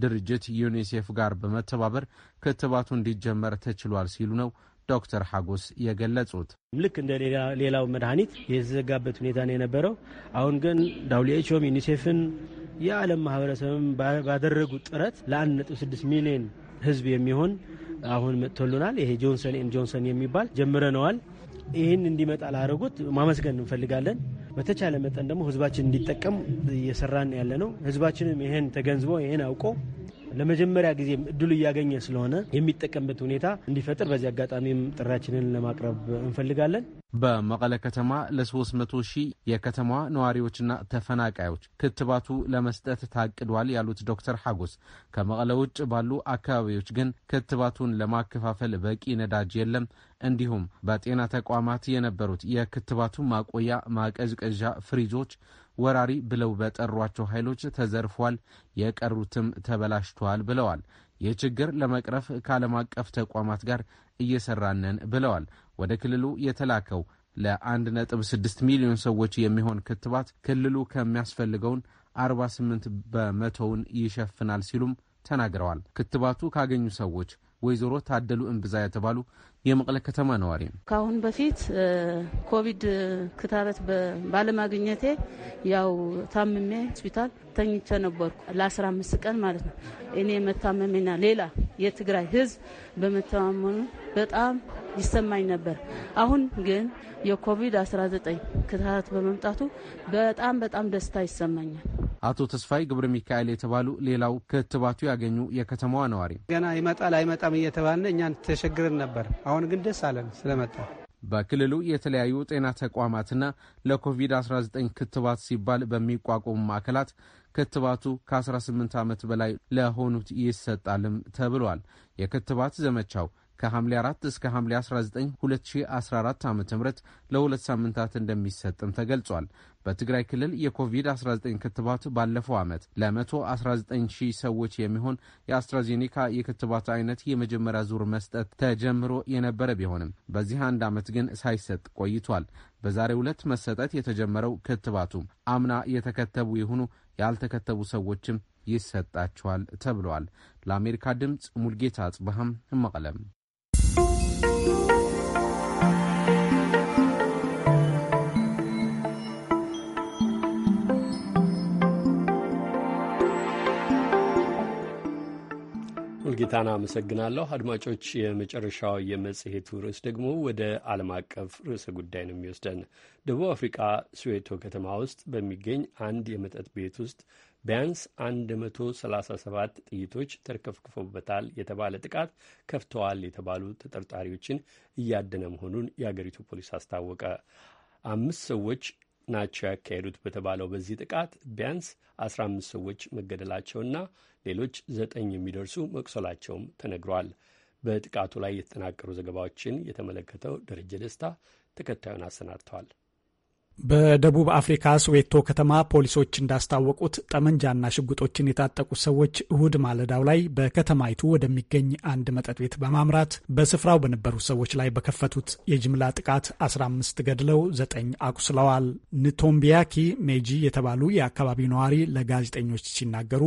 ድርጅት ዩኒሴፍ ጋር በመተባበር ክትባቱ እንዲጀመር ተችሏል ሲሉ ነው ዶክተር ሐጎስ የገለጹት። ልክ እንደ ሌላው መድኃኒት የተዘጋበት ሁኔታ ነው የነበረው። አሁን ግን ዳብሊው ዩኒሴፍን የዓለም ማህበረሰብም ባደረጉት ጥረት ለ1.6 ሚሊዮን ህዝብ የሚሆን አሁን መጥቶልናል። ይሄ ጆንሰን ጆንሰን የሚባል ጀምረነዋል። ይህን እንዲመጣ ላደረጉት ማመስገን እንፈልጋለን። በተቻለ መጠን ደግሞ ህዝባችን እንዲጠቀም እየሰራን ያለ ነው። ህዝባችንም ይህን ተገንዝቦ ይህን አውቆ ለመጀመሪያ ጊዜም እድሉ እያገኘ ስለሆነ የሚጠቀምበት ሁኔታ እንዲፈጥር በዚህ አጋጣሚም ጥሪያችንን ለማቅረብ እንፈልጋለን። በመቀለ ከተማ ለ300 ሺህ የከተማ ነዋሪዎችና ተፈናቃዮች ክትባቱ ለመስጠት ታቅዷል ያሉት ዶክተር ሐጎስ ከመቀለ ውጭ ባሉ አካባቢዎች ግን ክትባቱን ለማከፋፈል በቂ ነዳጅ የለም፣ እንዲሁም በጤና ተቋማት የነበሩት የክትባቱ ማቆያ ማቀዝቀዣ ፍሪጆች ወራሪ ብለው በጠሯቸው ኃይሎች ተዘርፏል፣ የቀሩትም ተበላሽተዋል ብለዋል። ይህ ችግር ለመቅረፍ ከዓለም አቀፍ ተቋማት ጋር እየሰራንን ብለዋል። ወደ ክልሉ የተላከው ለ1.6 ሚሊዮን ሰዎች የሚሆን ክትባት ክልሉ ከሚያስፈልገውን 48 በመቶውን ይሸፍናል ሲሉም ተናግረዋል። ክትባቱ ካገኙ ሰዎች ወይዘሮ ታደሉ እምብዛ የተባሉ የመቀለ ከተማ ነዋሪ ነው። ከአሁን በፊት ኮቪድ ክታረት ባለማግኘቴ ያው ታምሜ ሆስፒታል ተኝቼ ነበርኩ ለ15 ቀን ማለት ነው። እኔ መታመሜና ሌላ የትግራይ ህዝብ በመተማመኑ በጣም ይሰማኝ ነበር። አሁን ግን የኮቪድ-19 ክትባት በመምጣቱ በጣም በጣም ደስታ ይሰማኛል። አቶ ተስፋይ ገብረ ሚካኤል የተባሉ ሌላው ክትባቱ ያገኙ የከተማዋ ነዋሪ ገና ይመጣል አይመጣም እየተባልን እኛን ተሸግረን ነበር። አሁን ግን ደስ አለን ስለመጣ። በክልሉ የተለያዩ ጤና ተቋማትና ለኮቪድ-19 ክትባት ሲባል በሚቋቋሙ ማዕከላት ክትባቱ ከ18 ዓመት በላይ ለሆኑት ይሰጣልም ተብሏል። የክትባት ዘመቻው ከሐምሌ 4 እስከ ሐምሌ 19 2014 ዓ ም ለሁለት ሳምንታት እንደሚሰጥም ተገልጿል። በትግራይ ክልል የኮቪድ-19 ክትባት ባለፈው ዓመት ለ119 ሺህ ሰዎች የሚሆን የአስትራዜኔካ የክትባት አይነት የመጀመሪያ ዙር መስጠት ተጀምሮ የነበረ ቢሆንም በዚህ አንድ ዓመት ግን ሳይሰጥ ቆይቷል። በዛሬው ዕለት መሰጠት የተጀመረው ክትባቱ አምና የተከተቡ የሆኑ ያልተከተቡ ሰዎችም ይሰጣቸዋል ተብለዋል። ለአሜሪካ ድምፅ ሙልጌታ አጽብሃም መቀለም ሙልጌታን አመሰግናለሁ። አድማጮች፣ የመጨረሻው የመጽሔቱ ርዕስ ደግሞ ወደ ዓለም አቀፍ ርዕሰ ጉዳይ ነው የሚወስደን። ደቡብ አፍሪቃ ስዌቶ ከተማ ውስጥ በሚገኝ አንድ የመጠጥ ቤት ውስጥ ቢያንስ 137 ጥይቶች ተርከፍክፎበታል የተባለ ጥቃት ከፍተዋል የተባሉ ተጠርጣሪዎችን እያደነ መሆኑን የአገሪቱ ፖሊስ አስታወቀ። አምስት ሰዎች ናቸው ያካሄዱት በተባለው በዚህ ጥቃት ቢያንስ 15 ሰዎች መገደላቸውና ሌሎች ዘጠኝ የሚደርሱ መቁሰላቸውም ተነግሯል። በጥቃቱ ላይ የተጠናቀሩ ዘገባዎችን የተመለከተው ደረጀ ደስታ ተከታዩን አሰናድተዋል። በደቡብ አፍሪካ ስዌቶ ከተማ ፖሊሶች እንዳስታወቁት ጠመንጃና ሽጉጦችን የታጠቁት ሰዎች እሁድ ማለዳው ላይ በከተማይቱ ወደሚገኝ አንድ መጠጥ ቤት በማምራት በስፍራው በነበሩ ሰዎች ላይ በከፈቱት የጅምላ ጥቃት 15 ገድለው ዘጠኝ አቁስለዋል። ንቶምቢያኪ ሜጂ የተባሉ የአካባቢው ነዋሪ ለጋዜጠኞች ሲናገሩ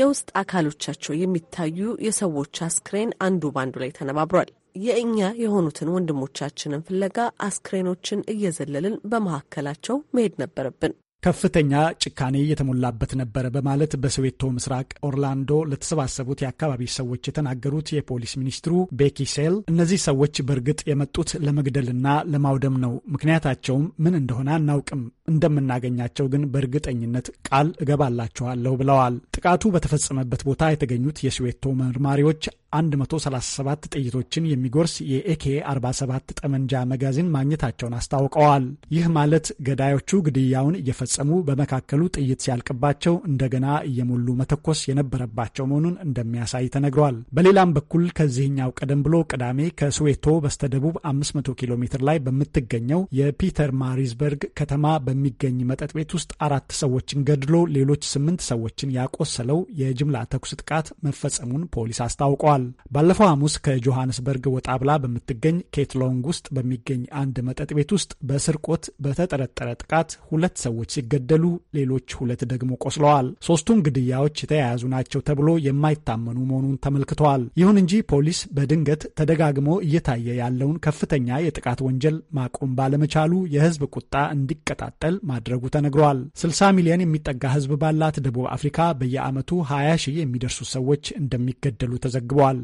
የውስጥ አካሎቻቸው የሚታዩ የሰዎች አስክሬን አንዱ ባንዱ ላይ ተነባብሯል። የእኛ የሆኑትን ወንድሞቻችንን ፍለጋ አስክሬኖችን እየዘለልን በመካከላቸው መሄድ ነበረብን። ከፍተኛ ጭካኔ የተሞላበት ነበረ በማለት በሶዌቶ ምስራቅ ኦርላንዶ ለተሰባሰቡት የአካባቢ ሰዎች የተናገሩት የፖሊስ ሚኒስትሩ ቤኪ ሴል እነዚህ ሰዎች በእርግጥ የመጡት ለመግደልና ለማውደም ነው፣ ምክንያታቸውም ምን እንደሆነ አናውቅም እንደምናገኛቸው ግን በእርግጠኝነት ቃል እገባላችኋለሁ ብለዋል። ጥቃቱ በተፈጸመበት ቦታ የተገኙት የስዌቶ መርማሪዎች 137 ጥይቶችን የሚጎርስ የኤኬ 47 ጠመንጃ መጋዚን ማግኘታቸውን አስታውቀዋል። ይህ ማለት ገዳዮቹ ግድያውን እየፈጸሙ በመካከሉ ጥይት ሲያልቅባቸው እንደገና እየሞሉ መተኮስ የነበረባቸው መሆኑን እንደሚያሳይ ተነግሯል። በሌላም በኩል ከዚህኛው ቀደም ብሎ ቅዳሜ ከስዌቶ በስተደቡብ 500 ኪሎ ሜትር ላይ በምትገኘው የፒተር ማሪዝበርግ ከተማ በ በሚገኝ መጠጥ ቤት ውስጥ አራት ሰዎችን ገድሎ ሌሎች ስምንት ሰዎችን ያቆሰለው የጅምላ ተኩስ ጥቃት መፈጸሙን ፖሊስ አስታውቋል። ባለፈው ሐሙስ ከጆሃንስበርግ ወጣ ብላ በምትገኝ ኬትሎንግ ውስጥ በሚገኝ አንድ መጠጥ ቤት ውስጥ በስርቆት በተጠረጠረ ጥቃት ሁለት ሰዎች ሲገደሉ ሌሎች ሁለት ደግሞ ቆስለዋል። ሶስቱም ግድያዎች የተያያዙ ናቸው ተብሎ የማይታመኑ መሆኑን ተመልክተዋል። ይሁን እንጂ ፖሊስ በድንገት ተደጋግሞ እየታየ ያለውን ከፍተኛ የጥቃት ወንጀል ማቆም ባለመቻሉ የህዝብ ቁጣ እንዲቀጣጠል እንዲቀጥል ማድረጉ ተነግሯል። 60 ሚሊዮን የሚጠጋ ህዝብ ባላት ደቡብ አፍሪካ በየዓመቱ 20 ሺህ የሚደርሱ ሰዎች እንደሚገደሉ ተዘግቧል።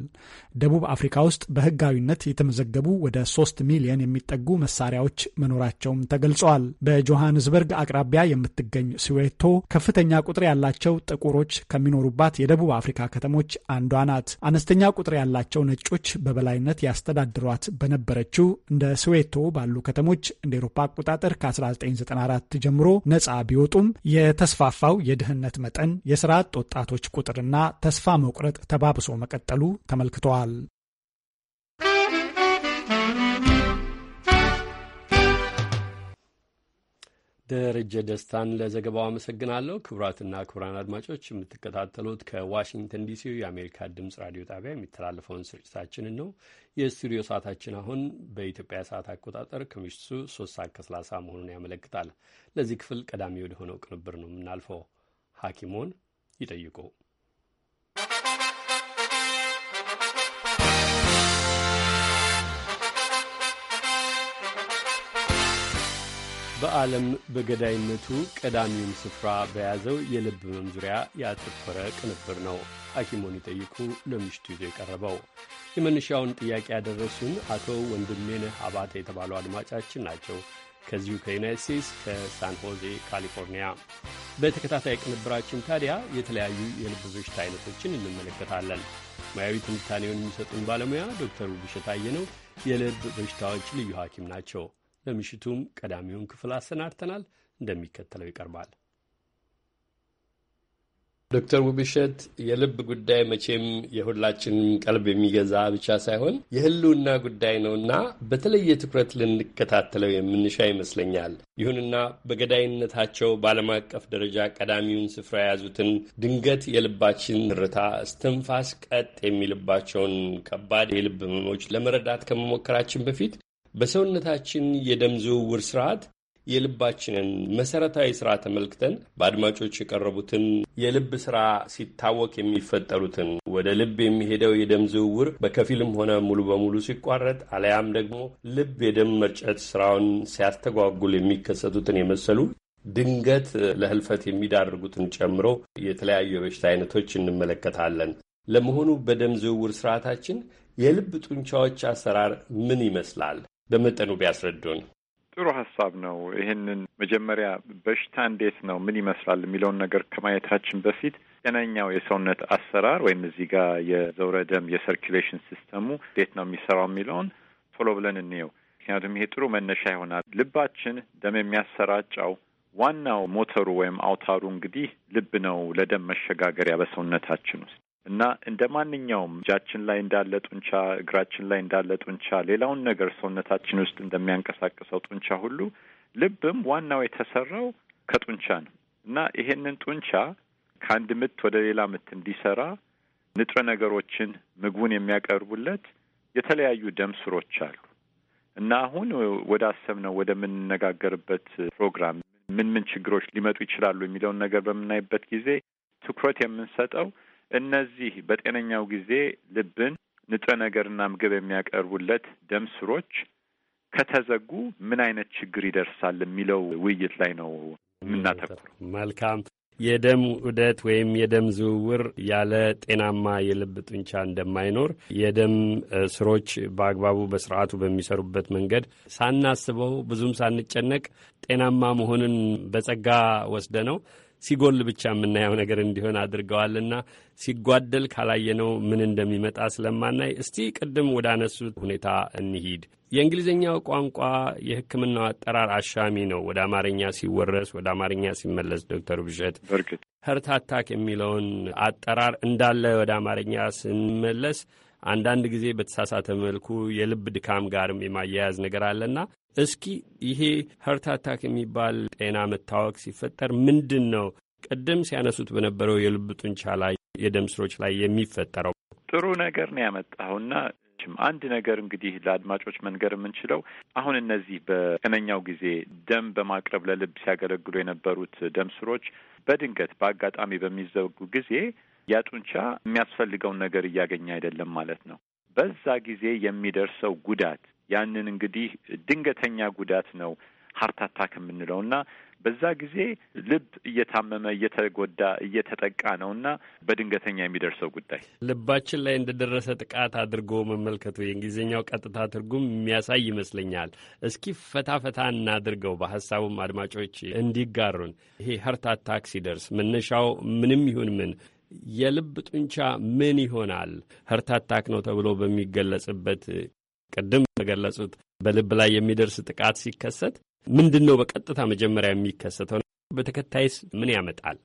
ደቡብ አፍሪካ ውስጥ በህጋዊነት የተመዘገቡ ወደ 3 ሚሊዮን የሚጠጉ መሳሪያዎች መኖራቸውም ተገልጿል። በጆሃንስበርግ አቅራቢያ የምትገኝ ስዌቶ ከፍተኛ ቁጥር ያላቸው ጥቁሮች ከሚኖሩባት የደቡብ አፍሪካ ከተሞች አንዷ ናት። አነስተኛ ቁጥር ያላቸው ነጮች በበላይነት ያስተዳድሯት በነበረችው እንደ ስዌቶ ባሉ ከተሞች እንደ ኤሮፓ አቆጣጠር ከ1994 2014 ጀምሮ ነፃ ቢወጡም የተስፋፋው የድህነት መጠን፣ የስራ አጥ ወጣቶች ቁጥርና ተስፋ መቁረጥ ተባብሶ መቀጠሉ ተመልክተዋል። ደረጀ ደስታን ለዘገባው አመሰግናለሁ። ክቡራትና ክቡራን አድማጮች የምትከታተሉት ከዋሽንግተን ዲሲ የአሜሪካ ድምጽ ራዲዮ ጣቢያ የሚተላለፈውን ስርጭታችንን ነው። የስቱዲዮ ሰዓታችን አሁን በኢትዮጵያ ሰዓት አቆጣጠር ከምሽቱ ሶስት ሰዓት ከሰላሳ መሆኑን ያመለክታል። ለዚህ ክፍል ቀዳሚ ወደሆነው ቅንብር ነው የምናልፈው። ሐኪሞን ይጠይቁ በዓለም በገዳይነቱ ቀዳሚውን ስፍራ በያዘው የልብ ህመም ዙሪያ ያተኮረ ቅንብር ነው። ሐኪሙን ይጠይቁ ለምሽቱ ይዞ የቀረበው የመነሻውን ጥያቄ ያደረሱን አቶ ወንድሜነህ አባተ የተባሉ አድማጫችን ናቸው። ከዚሁ ከዩናይት ስቴትስ ከሳን ሆዜ ካሊፎርኒያ። በተከታታይ ቅንብራችን ታዲያ የተለያዩ የልብ በሽታ አይነቶችን እንመለከታለን። ሙያዊ ትንታኔውን የሚሰጡን ባለሙያ ዶክተር ውብሸት አየነው የልብ በሽታዎች ልዩ ሐኪም ናቸው። ለምሽቱም ቀዳሚውን ክፍል አሰናድተናል፣ እንደሚከተለው ይቀርባል። ዶክተር ውብሸት የልብ ጉዳይ መቼም የሁላችንም ቀልብ የሚገዛ ብቻ ሳይሆን የሕልውና ጉዳይ ነውና በተለየ ትኩረት ልንከታተለው የምንሻ ይመስለኛል። ይሁንና በገዳይነታቸው በዓለም አቀፍ ደረጃ ቀዳሚውን ስፍራ የያዙትን ድንገት የልባችን እርታ እስትንፋስ ቀጥ የሚልባቸውን ከባድ የልብ ህመሞች ለመረዳት ከመሞከራችን በፊት በሰውነታችን የደም ዝውውር ስርዓት የልባችንን መሰረታዊ ስራ ተመልክተን በአድማጮች የቀረቡትን የልብ ስራ ሲታወክ የሚፈጠሩትን ወደ ልብ የሚሄደው የደም ዝውውር በከፊልም ሆነ ሙሉ በሙሉ ሲቋረጥ አለያም ደግሞ ልብ የደም መርጨት ስራውን ሲያስተጓጉል የሚከሰቱትን የመሰሉ ድንገት ለህልፈት የሚዳርጉትን ጨምሮ የተለያዩ የበሽታ አይነቶች እንመለከታለን። ለመሆኑ በደም ዝውውር ስርዓታችን የልብ ጡንቻዎች አሰራር ምን ይመስላል? በመጠኑ ቢያስረዱን። ጥሩ ሀሳብ ነው። ይህንን መጀመሪያ በሽታ እንዴት ነው ምን ይመስላል የሚለውን ነገር ከማየታችን በፊት ጤነኛው የሰውነት አሰራር ወይም እዚህ ጋር የዘውረ ደም የሰርኪሌሽን ሲስተሙ እንዴት ነው የሚሰራው የሚለውን ቶሎ ብለን እንየው። ምክንያቱም ይሄ ጥሩ መነሻ ይሆናል። ልባችን ደም የሚያሰራጨው ዋናው ሞተሩ ወይም አውታሩ እንግዲህ ልብ ነው፣ ለደም መሸጋገሪያ በሰውነታችን ውስጥ እና እንደ ማንኛውም እጃችን ላይ እንዳለ ጡንቻ፣ እግራችን ላይ እንዳለ ጡንቻ፣ ሌላውን ነገር ሰውነታችን ውስጥ እንደሚያንቀሳቅሰው ጡንቻ ሁሉ ልብም ዋናው የተሰራው ከጡንቻ ነው እና ይሄንን ጡንቻ ከአንድ ምት ወደ ሌላ ምት እንዲሰራ ንጥረ ነገሮችን ምግቡን የሚያቀርቡለት የተለያዩ ደም ስሮች አሉ እና አሁን ወደ አሰብነው ወደምንነጋገርበት ፕሮግራም ምን ምን ችግሮች ሊመጡ ይችላሉ የሚለውን ነገር በምናይበት ጊዜ ትኩረት የምንሰጠው እነዚህ በጤነኛው ጊዜ ልብን ንጥረ ነገርና ምግብ የሚያቀርቡለት ደም ስሮች ከተዘጉ ምን አይነት ችግር ይደርሳል የሚለው ውይይት ላይ ነው የምናተኩረው። መልካም። የደም ውደት ወይም የደም ዝውውር ያለ ጤናማ የልብ ጡንቻ እንደማይኖር የደም ስሮች በአግባቡ በስርዓቱ በሚሰሩበት መንገድ ሳናስበው ብዙም ሳንጨነቅ ጤናማ መሆንን በጸጋ ወስደ ነው ሲጎል ብቻ የምናየው ነገር እንዲሆን አድርገዋልና ሲጓደል ካላየነው ምን እንደሚመጣ ስለማናይ፣ እስቲ ቅድም ወደ አነሱት ሁኔታ እንሂድ። የእንግሊዝኛው ቋንቋ የሕክምናው አጠራር አሻሚ ነው። ወደ አማርኛ ሲወረስ ወደ አማርኛ ሲመለስ ዶክተር ብሸት በርግጥ ሀርት አታክ የሚለውን አጠራር እንዳለ ወደ አማርኛ ስንመለስ አንዳንድ ጊዜ በተሳሳተ መልኩ የልብ ድካም ጋርም የማያያዝ ነገር አለና እስኪ ይሄ ሀርት አታክ የሚባል ጤና መታወክ ሲፈጠር ምንድን ነው? ቅድም ሲያነሱት በነበረው የልብ ጡንቻ ላይ የደም ስሮች ላይ የሚፈጠረው ጥሩ ነገር ነው ያመጣሁና አንድ ነገር እንግዲህ ለአድማጮች መንገር የምንችለው አሁን እነዚህ በጤነኛው ጊዜ ደም በማቅረብ ለልብ ሲያገለግሉ የነበሩት ደም ስሮች በድንገት በአጋጣሚ በሚዘጉ ጊዜ ያጡንቻ የሚያስፈልገውን ነገር እያገኘ አይደለም ማለት ነው። በዛ ጊዜ የሚደርሰው ጉዳት ያንን እንግዲህ ድንገተኛ ጉዳት ነው ሀርት አታክ የምንለው እና በዛ ጊዜ ልብ እየታመመ እየተጎዳ እየተጠቃ ነው እና በድንገተኛ የሚደርሰው ጉዳይ ልባችን ላይ እንደደረሰ ጥቃት አድርጎ መመልከቱ የእንግሊዝኛው ቀጥታ ትርጉም የሚያሳይ ይመስለኛል። እስኪ ፈታ ፈታ እናድርገው፣ በሀሳቡም አድማጮች እንዲጋሩን። ይሄ ሀርት አታክ ሲደርስ መነሻው ምንም ይሁን ምን የልብ ጡንቻ ምን ይሆናል? ሀርት አታክ ነው ተብሎ በሚገለጽበት ቅድም ተገለጹት። በልብ ላይ የሚደርስ ጥቃት ሲከሰት ምንድን ነው በቀጥታ መጀመሪያ የሚከሰተው? በተከታይስ ምን ያመጣል?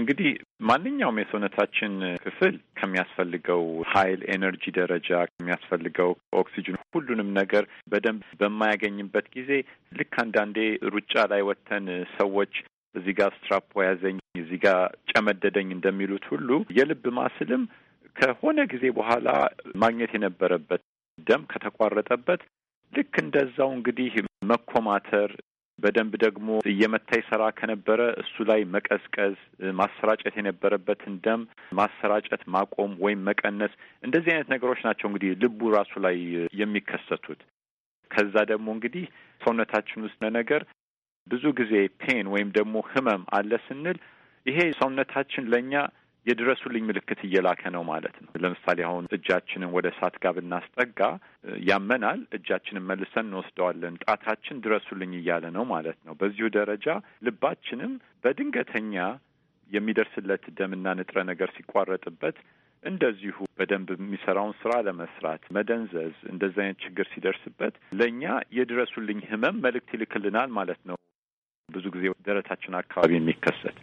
እንግዲህ ማንኛውም የሰውነታችን ክፍል ከሚያስፈልገው ኃይል ኤነርጂ ደረጃ ከሚያስፈልገው ኦክሲጅን ሁሉንም ነገር በደንብ በማያገኝበት ጊዜ ልክ አንዳንዴ ሩጫ ላይ ወጥተን ሰዎች እዚህ ጋር ስትራፖ ያዘኝ፣ እዚህ ጋር ጨመደደኝ እንደሚሉት ሁሉ የልብ ማስልም ከሆነ ጊዜ በኋላ ማግኘት የነበረበት ደም ከተቋረጠበት ልክ እንደዛው እንግዲህ መኮማተር በደንብ ደግሞ እየመታይ ሰራ ከነበረ እሱ ላይ መቀዝቀዝ፣ ማሰራጨት የነበረበትን ደም ማሰራጨት ማቆም ወይም መቀነስ፣ እንደዚህ አይነት ነገሮች ናቸው እንግዲህ ልቡ ራሱ ላይ የሚከሰቱት። ከዛ ደግሞ እንግዲህ ሰውነታችን ውስጥ ነገር ብዙ ጊዜ ፔን ወይም ደግሞ ህመም አለ ስንል ይሄ ሰውነታችን ለእኛ የድረሱልኝ ምልክት እየላከ ነው ማለት ነው። ለምሳሌ አሁን እጃችንን ወደ እሳት ጋር ብናስጠጋ ያመናል፣ እጃችንን መልሰን እንወስደዋለን። ጣታችን ድረሱልኝ እያለ ነው ማለት ነው። በዚሁ ደረጃ ልባችንም በድንገተኛ የሚደርስለት ደምና ንጥረ ነገር ሲቋረጥበት እንደዚሁ በደንብ የሚሰራውን ስራ ለመስራት መደንዘዝ፣ እንደዚህ አይነት ችግር ሲደርስበት ለእኛ የድረሱልኝ ህመም መልእክት ይልክልናል ማለት ነው። ብዙ ጊዜ ደረታችን አካባቢ የሚከሰት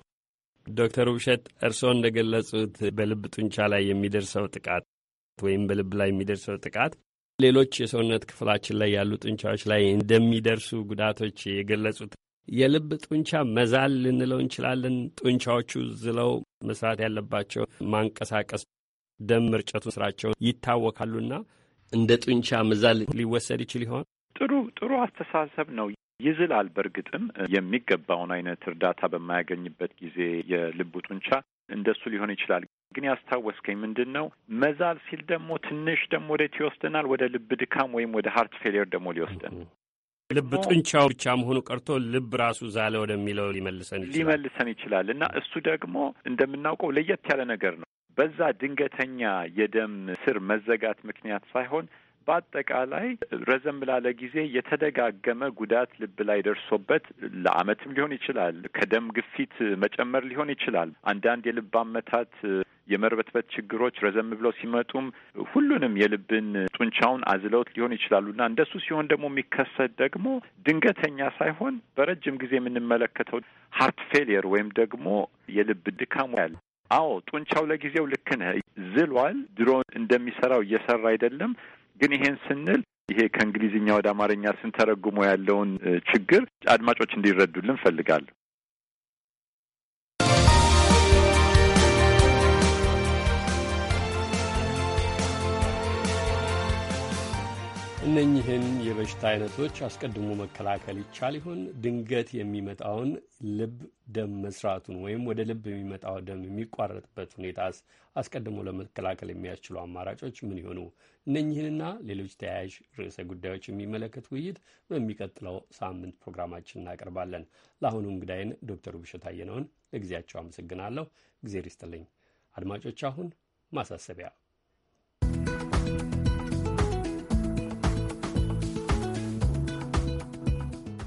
ዶክተር ውብሸት እርስዎ እንደገለጹት በልብ ጡንቻ ላይ የሚደርሰው ጥቃት ወይም በልብ ላይ የሚደርሰው ጥቃት ሌሎች የሰውነት ክፍላችን ላይ ያሉ ጡንቻዎች ላይ እንደሚደርሱ ጉዳቶች የገለጹት የልብ ጡንቻ መዛል ልንለው እንችላለን። ጡንቻዎቹ ዝለው መስራት ያለባቸው ማንቀሳቀስ፣ ደም ምርጨቱ ስራቸውን ይታወካሉና እንደ ጡንቻ መዛል ሊወሰድ ይችል ይሆን? ጥሩ ጥሩ አስተሳሰብ ነው። ይዝላል። በእርግጥም የሚገባውን አይነት እርዳታ በማያገኝበት ጊዜ የልቡ ጡንቻ እንደሱ ሊሆን ይችላል። ግን ያስታወስከኝ ምንድን ነው መዛል ሲል ደግሞ ትንሽ ደግሞ ወዴት ይወስደናል? ወደ ልብ ድካም ወይም ወደ ሀርት ፌሊየር ደግሞ ሊወስደን ልብ ጡንቻው ብቻ መሆኑ ቀርቶ ልብ ራሱ ዛለ ወደሚለው ሊመልሰን ይችላል ሊመልሰን ይችላል። እና እሱ ደግሞ እንደምናውቀው ለየት ያለ ነገር ነው። በዛ ድንገተኛ የደም ስር መዘጋት ምክንያት ሳይሆን በአጠቃላይ ረዘም ላለ ጊዜ የተደጋገመ ጉዳት ልብ ላይ ደርሶበት ለዓመትም ሊሆን ይችላል። ከደም ግፊት መጨመር ሊሆን ይችላል። አንዳንድ የልብ አመታት የመርበትበት ችግሮች ረዘም ብለው ሲመጡም ሁሉንም የልብን ጡንቻውን አዝለውት ሊሆን ይችላሉ እና እንደሱ ሲሆን ደግሞ የሚከሰት ደግሞ ድንገተኛ ሳይሆን በረጅም ጊዜ የምንመለከተው ሀርት ፌሊየር ወይም ደግሞ የልብ ድካም ያለ አዎ ጡንቻው ለጊዜው ልክ ነህ ዝሏል፣ ድሮ እንደሚሰራው እየሰራ አይደለም። ግን ይሄን ስንል ይሄ ከእንግሊዝኛ ወደ አማርኛ ስንተረጉሞ ያለውን ችግር አድማጮች እንዲረዱልን ፈልጋለሁ። እነኚህን የበሽታ አይነቶች አስቀድሞ መከላከል ይቻል ይሆን? ድንገት የሚመጣውን ልብ ደም መስራቱን ወይም ወደ ልብ የሚመጣው ደም የሚቋረጥበት ሁኔታ አስቀድሞ ለመከላከል የሚያስችሉ አማራጮች ምን ይሆኑ? እነኚህንና ሌሎች ተያያዥ ርዕሰ ጉዳዮች የሚመለከት ውይይት በሚቀጥለው ሳምንት ፕሮግራማችን እናቀርባለን። ለአሁኑ እንግዳይን ዶክተር ውብሸት አየነውን ለጊዜያቸው አመሰግናለሁ። እግዜር ይስጥልኝ። አድማጮች አሁን ማሳሰቢያ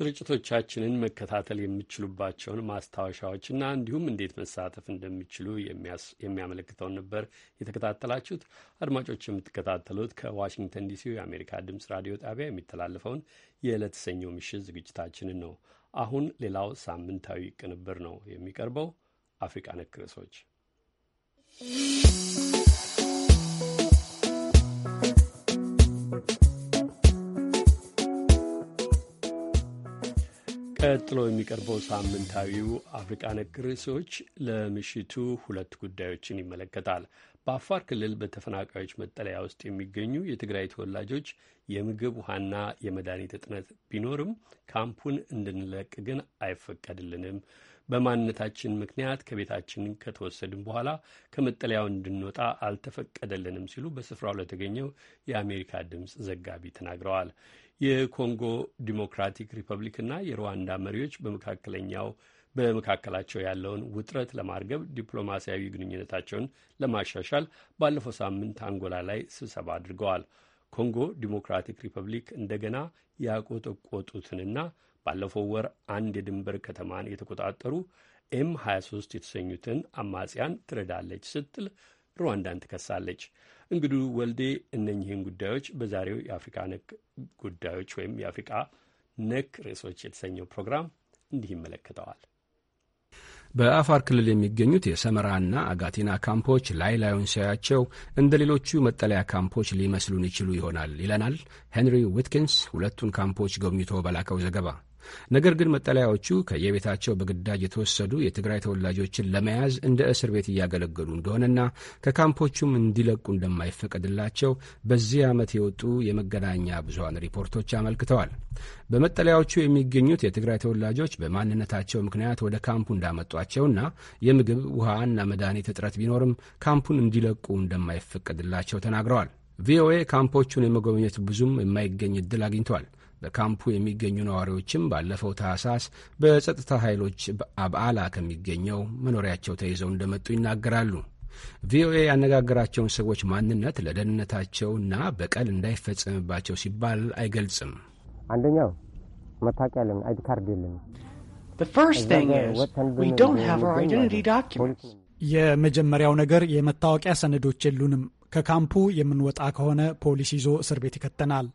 ስርጭቶቻችንን መከታተል የሚችሉባቸውን ማስታወሻዎችና እንዲሁም እንዴት መሳተፍ እንደሚችሉ የሚያመለክተውን ነበር የተከታተላችሁት። አድማጮች የምትከታተሉት ከዋሽንግተን ዲሲ የአሜሪካ ድምፅ ራዲዮ ጣቢያ የሚተላለፈውን የዕለት ሰኞ ምሽት ዝግጅታችንን ነው። አሁን ሌላው ሳምንታዊ ቅንብር ነው የሚቀርበው፣ አፍሪቃ ነክ ርዕሶች ቀጥሎ የሚቀርበው ሳምንታዊው አፍሪቃ ነክ ርዕሶች ለምሽቱ ሁለት ጉዳዮችን ይመለከታል። በአፋር ክልል በተፈናቃዮች መጠለያ ውስጥ የሚገኙ የትግራይ ተወላጆች የምግብ ውሃና የመድኃኒት እጥረት ቢኖርም ካምፑን እንድንለቅ ግን አይፈቀድልንም። በማንነታችን ምክንያት ከቤታችን ከተወሰድን በኋላ ከመጠለያው እንድንወጣ አልተፈቀደልንም ሲሉ በስፍራው ለተገኘው የአሜሪካ ድምፅ ዘጋቢ ተናግረዋል። የኮንጎ ዲሞክራቲክ ሪፐብሊክና የሩዋንዳ መሪዎች በመካከለኛው በመካከላቸው ያለውን ውጥረት ለማርገብ ዲፕሎማሲያዊ ግንኙነታቸውን ለማሻሻል ባለፈው ሳምንት አንጎላ ላይ ስብሰባ አድርገዋል። ኮንጎ ዲሞክራቲክ ሪፐብሊክ እንደገና ያቆጠቆጡትንና ባለፈው ወር አንድ የድንበር ከተማን የተቆጣጠሩ ኤም 23 የተሰኙትን አማጽያን ትረዳለች ስትል ሩዋንዳን ትከሳለች። እንግዱ ወልዴ እነኚህን ጉዳዮች በዛሬው የአፍሪካ ነክ ጉዳዮች ወይም የአፍሪካ ነክ ርዕሶች የተሰኘው ፕሮግራም እንዲህ ይመለከተዋል። በአፋር ክልል የሚገኙት የሰመራና አጋቴና ካምፖች ላይ ላዩን ሲያያቸው እንደ ሌሎቹ መጠለያ ካምፖች ሊመስሉን ይችሉ ይሆናል ይለናል ሄንሪ ዊትኪንስ ሁለቱን ካምፖች ጎብኝቶ በላከው ዘገባ። ነገር ግን መጠለያዎቹ ከየቤታቸው በግዳጅ የተወሰዱ የትግራይ ተወላጆችን ለመያዝ እንደ እስር ቤት እያገለገሉ እንደሆነና ከካምፖቹም እንዲለቁ እንደማይፈቀድላቸው በዚህ ዓመት የወጡ የመገናኛ ብዙሃን ሪፖርቶች አመልክተዋል። በመጠለያዎቹ የሚገኙት የትግራይ ተወላጆች በማንነታቸው ምክንያት ወደ ካምፑ እንዳመጧቸውና የምግብ ውሃና መድኃኒት እጥረት ቢኖርም ካምፑን እንዲለቁ እንደማይፈቀድላቸው ተናግረዋል። ቪኦኤ ካምፖቹን የመጎብኘት ብዙም የማይገኝ እድል አግኝቷል። በካምፑ የሚገኙ ነዋሪዎችም ባለፈው ታህሳስ በጸጥታ ኃይሎች አብዓላ ከሚገኘው መኖሪያቸው ተይዘው እንደመጡ ይናገራሉ። ቪኦኤ ያነጋገራቸውን ሰዎች ማንነት ለደህንነታቸውና በቀል እንዳይፈጸምባቸው ሲባል አይገልጽም። አንደኛው መታወቂያ የለም፣ አይዲ ካርድ የለም። የመጀመሪያው ነገር የመታወቂያ ሰነዶች የሉንም። ከካምፑ የምንወጣ ከሆነ ፖሊስ ይዞ እስር ቤት ይከተናል።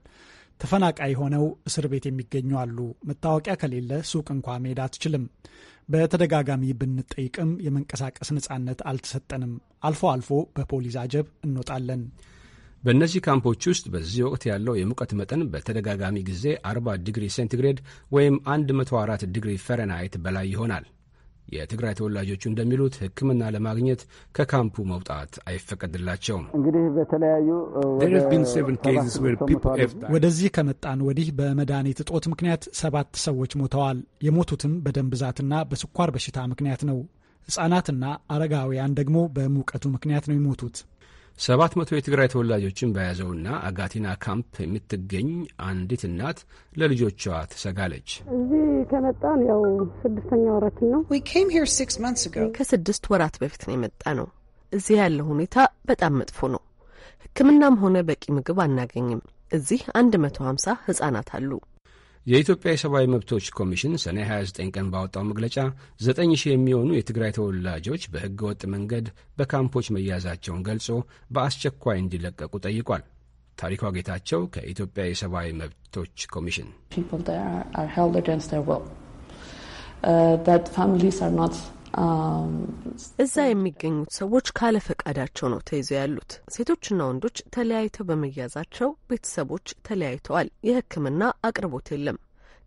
ተፈናቃይ ሆነው እስር ቤት የሚገኙ አሉ። መታወቂያ ከሌለ ሱቅ እንኳ መሄድ አትችልም። በተደጋጋሚ ብንጠይቅም የመንቀሳቀስ ነጻነት አልተሰጠንም። አልፎ አልፎ በፖሊስ አጀብ እንወጣለን። በእነዚህ ካምፖች ውስጥ በዚህ ወቅት ያለው የሙቀት መጠን በተደጋጋሚ ጊዜ 40 ዲግሪ ሴንቲግሬድ ወይም 104 ዲግሪ ፈረንሃይት በላይ ይሆናል። የትግራይ ተወላጆቹ እንደሚሉት ሕክምና ለማግኘት ከካምፑ መውጣት አይፈቀድላቸውም። እንግዲህ በተለያዩ ወደዚህ ከመጣን ወዲህ በመድኃኒት እጦት ምክንያት ሰባት ሰዎች ሞተዋል። የሞቱትም በደም ብዛትና በስኳር በሽታ ምክንያት ነው። ሕፃናትና አረጋውያን ደግሞ በሙቀቱ ምክንያት ነው የሞቱት። ሰባት መቶ የትግራይ ተወላጆችን በያዘውና አጋቲና ካምፕ የምትገኝ አንዲት እናት ለልጆቿ ትሰጋለች። እዚህ ከመጣን ያው ስድስተኛ ወራችን ነው። ከስድስት ወራት በፊት ነው የመጣ ነው። እዚህ ያለው ሁኔታ በጣም መጥፎ ነው። ሕክምናም ሆነ በቂ ምግብ አናገኝም። እዚህ አንድ መቶ ሀምሳ ህጻናት አሉ። የኢትዮጵያ የሰብአዊ መብቶች ኮሚሽን ሰኔ 29 ቀን ባወጣው መግለጫ 9000 የሚሆኑ የትግራይ ተወላጆች በሕገ ወጥ መንገድ በካምፖች መያዛቸውን ገልጾ በአስቸኳይ እንዲለቀቁ ጠይቋል። ታሪኳ ጌታቸው ከኢትዮጵያ የሰብአዊ መብቶች ኮሚሽን እዛ የሚገኙት ሰዎች ካለ ፈቃዳቸው ነው ተይዘው ያሉት። ሴቶችና ወንዶች ተለያይተው በመያዛቸው ቤተሰቦች ተለያይተዋል። የሕክምና አቅርቦት የለም።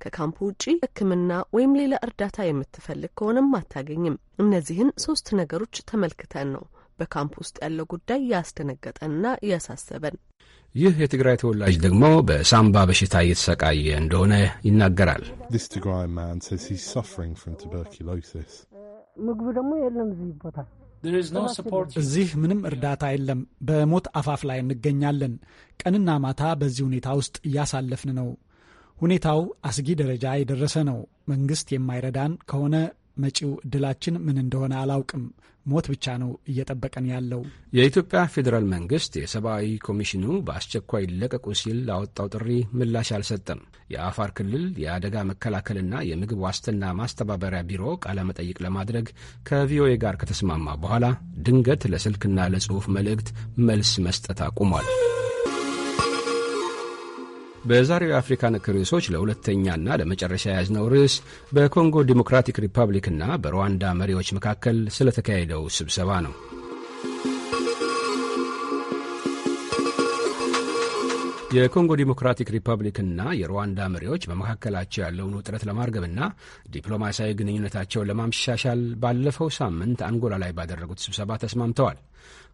ከካምፕ ውጪ ሕክምና ወይም ሌላ እርዳታ የምትፈልግ ከሆነም አታገኝም። እነዚህን ሶስት ነገሮች ተመልክተን ነው በካምፕ ውስጥ ያለው ጉዳይ ያስደነገጠንና ያሳሰበን። ይህ የትግራይ ተወላጅ ደግሞ በሳምባ በሽታ እየተሰቃየ እንደሆነ ይናገራል። ምግብ ደግሞ የለም እዚህ ቦታ እዚህ ምንም እርዳታ የለም። በሞት አፋፍ ላይ እንገኛለን። ቀንና ማታ በዚህ ሁኔታ ውስጥ እያሳለፍን ነው። ሁኔታው አስጊ ደረጃ የደረሰ ነው። መንግስት የማይረዳን ከሆነ መጪው እድላችን ምን እንደሆነ አላውቅም። ሞት ብቻ ነው እየጠበቀን ያለው። የኢትዮጵያ ፌዴራል መንግስት የሰብአዊ ኮሚሽኑ በአስቸኳይ ይለቀቁ ሲል ላወጣው ጥሪ ምላሽ አልሰጠም። የአፋር ክልል የአደጋ መከላከልና የምግብ ዋስትና ማስተባበሪያ ቢሮ ቃለመጠይቅ ለማድረግ ከቪኦኤ ጋር ከተስማማ በኋላ ድንገት ለስልክና ለጽሑፍ መልእክት መልስ መስጠት አቁሟል። በዛሬው የአፍሪካ ነክ ርዕሶች ለሁለተኛና ለመጨረሻ የያዝነው ርዕስ በኮንጎ ዲሞክራቲክ ሪፐብሊክና በሩዋንዳ መሪዎች መካከል ስለተካሄደው ስብሰባ ነው። የኮንጎ ዲሞክራቲክ ሪፐብሊክና የሩዋንዳ መሪዎች በመካከላቸው ያለውን ውጥረት ለማርገብና ዲፕሎማሲያዊ ግንኙነታቸውን ለማምሻሻል ባለፈው ሳምንት አንጎላ ላይ ባደረጉት ስብሰባ ተስማምተዋል።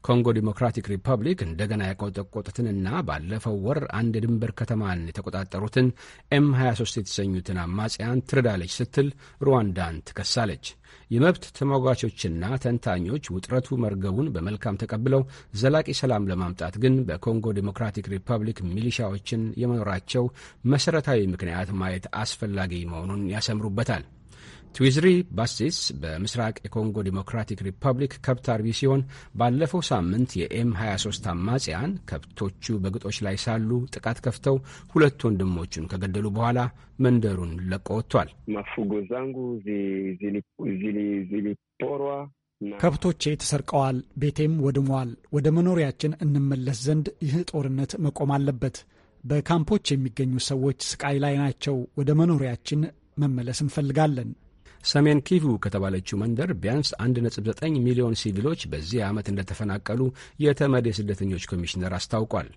ኮንጎ ዲሞክራቲክ ሪፐብሊክ እንደገና ያቆጠቆጡትንና ባለፈው ወር አንድ የድንበር ከተማን የተቆጣጠሩትን ኤም 23 የተሰኙትን አማጽያን ትርዳለች ስትል ሩዋንዳን ትከሳለች። የመብት ተሟጋቾችና ተንታኞች ውጥረቱ መርገቡን በመልካም ተቀብለው ዘላቂ ሰላም ለማምጣት ግን በኮንጎ ዲሞክራቲክ ሪፐብሊክ ሚሊሻዎችን የመኖራቸው መሠረታዊ ምክንያት ማየት አስፈላጊ መሆኑን ያሰምሩበታል። ትዊዝሪ ባሲስ በምስራቅ የኮንጎ ዲሞክራቲክ ሪፐብሊክ ከብት አርቢ ሲሆን ባለፈው ሳምንት የኤም 23 አማጽያን ከብቶቹ በግጦች ላይ ሳሉ ጥቃት ከፍተው ሁለት ወንድሞቹን ከገደሉ በኋላ መንደሩን ለቆ ወጥቷል። ዛንጉ ዚሊፖሯ ከብቶቼ ተሰርቀዋል፣ ቤቴም ወድሟል። ወደ መኖሪያችን እንመለስ ዘንድ ይህ ጦርነት መቆም አለበት። በካምፖች የሚገኙ ሰዎች ስቃይ ላይ ናቸው። ወደ መኖሪያችን መመለስ እንፈልጋለን። ሰሜን ኪቩ ከተባለችው መንደር ቢያንስ 1.9 ሚሊዮን ሲቪሎች በዚህ ዓመት እንደተፈናቀሉ የተመድ የስደተኞች ኮሚሽነር አስታውቋል።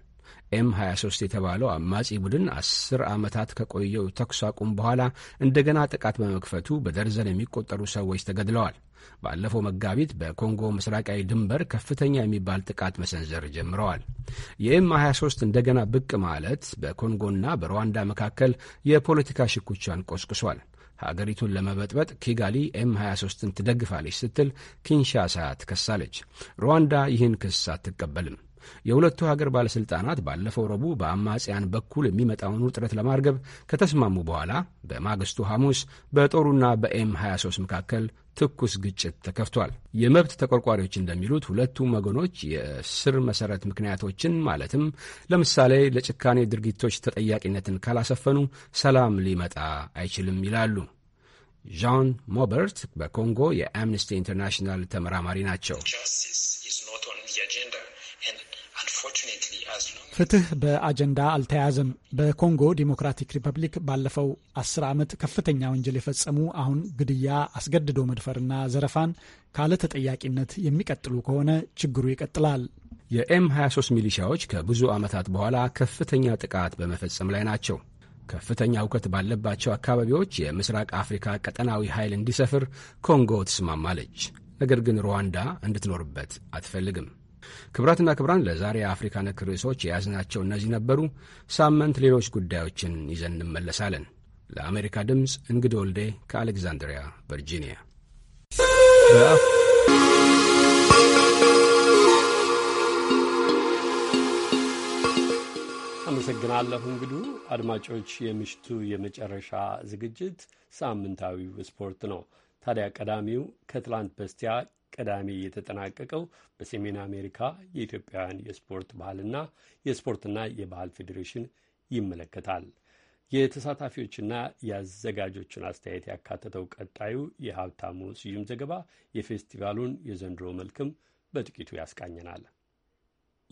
ኤም 23 የተባለው አማጺ ቡድን አስር ዓመታት ከቆየው ተኩስ አቁም በኋላ እንደገና ጥቃት በመክፈቱ በደርዘን የሚቆጠሩ ሰዎች ተገድለዋል። ባለፈው መጋቢት በኮንጎ ምስራቃዊ ድንበር ከፍተኛ የሚባል ጥቃት መሰንዘር ጀምረዋል። የኤም 23 እንደገና ብቅ ማለት በኮንጎና በሩዋንዳ መካከል የፖለቲካ ሽኩቻን ቆስቅሷል። ሀገሪቱን ለመበጥበጥ ኪጋሊ ኤም 23ን ትደግፋለች ስትል ኪንሻሳ ትከሳለች። ሩዋንዳ ይህን ክስ አትቀበልም። የሁለቱ ሀገር ባለሥልጣናት ባለፈው ረቡዕ በአማጽያን በኩል የሚመጣውን ውጥረት ለማርገብ ከተስማሙ በኋላ በማግስቱ ሐሙስ በጦሩና በኤም 23 መካከል ትኩስ ግጭት ተከፍቷል። የመብት ተቆርቋሪዎች እንደሚሉት ሁለቱም ወገኖች የስር መሰረት ምክንያቶችን ማለትም ለምሳሌ ለጭካኔ ድርጊቶች ተጠያቂነትን ካላሰፈኑ ሰላም ሊመጣ አይችልም ይላሉ። ዣን ሞበርት በኮንጎ የአምነስቲ ኢንተርናሽናል ተመራማሪ ናቸው። ፍትህ በአጀንዳ አልተያዘም። በኮንጎ ዲሞክራቲክ ሪፐብሊክ ባለፈው አስር ዓመት ከፍተኛ ወንጀል የፈጸሙ አሁን ግድያ፣ አስገድዶ መድፈርና ዘረፋን ካለ ተጠያቂነት የሚቀጥሉ ከሆነ ችግሩ ይቀጥላል። የኤም 23 ሚሊሻዎች ከብዙ ዓመታት በኋላ ከፍተኛ ጥቃት በመፈጸም ላይ ናቸው። ከፍተኛ እውከት ባለባቸው አካባቢዎች የምስራቅ አፍሪካ ቀጠናዊ ኃይል እንዲሰፍር ኮንጎ ትስማማለች። ነገር ግን ሩዋንዳ እንድትኖርበት አትፈልግም። ክብራትና ክብራን ለዛሬ የአፍሪካ ነክ ርዕሶች የያዝናቸው እነዚህ ነበሩ። ሳምንት ሌሎች ጉዳዮችን ይዘን እንመለሳለን። ለአሜሪካ ድምፅ እንግዳ ወልዴ ከአሌክዛንድሪያ ቨርጂኒያ። አመሰግናለሁ እንግዱ። አድማጮች የምሽቱ የመጨረሻ ዝግጅት ሳምንታዊው ስፖርት ነው። ታዲያ ቀዳሚው ከትላንት በስቲያ ቅዳሜ የተጠናቀቀው በሰሜን አሜሪካ የኢትዮጵያውያን የስፖርት ባህልና የስፖርትና የባህል ፌዴሬሽን ይመለከታል። የተሳታፊዎችና የአዘጋጆችን አስተያየት ያካተተው ቀጣዩ የሀብታሙ ስዩም ዘገባ የፌስቲቫሉን የዘንድሮ መልክም በጥቂቱ ያስቃኘናል።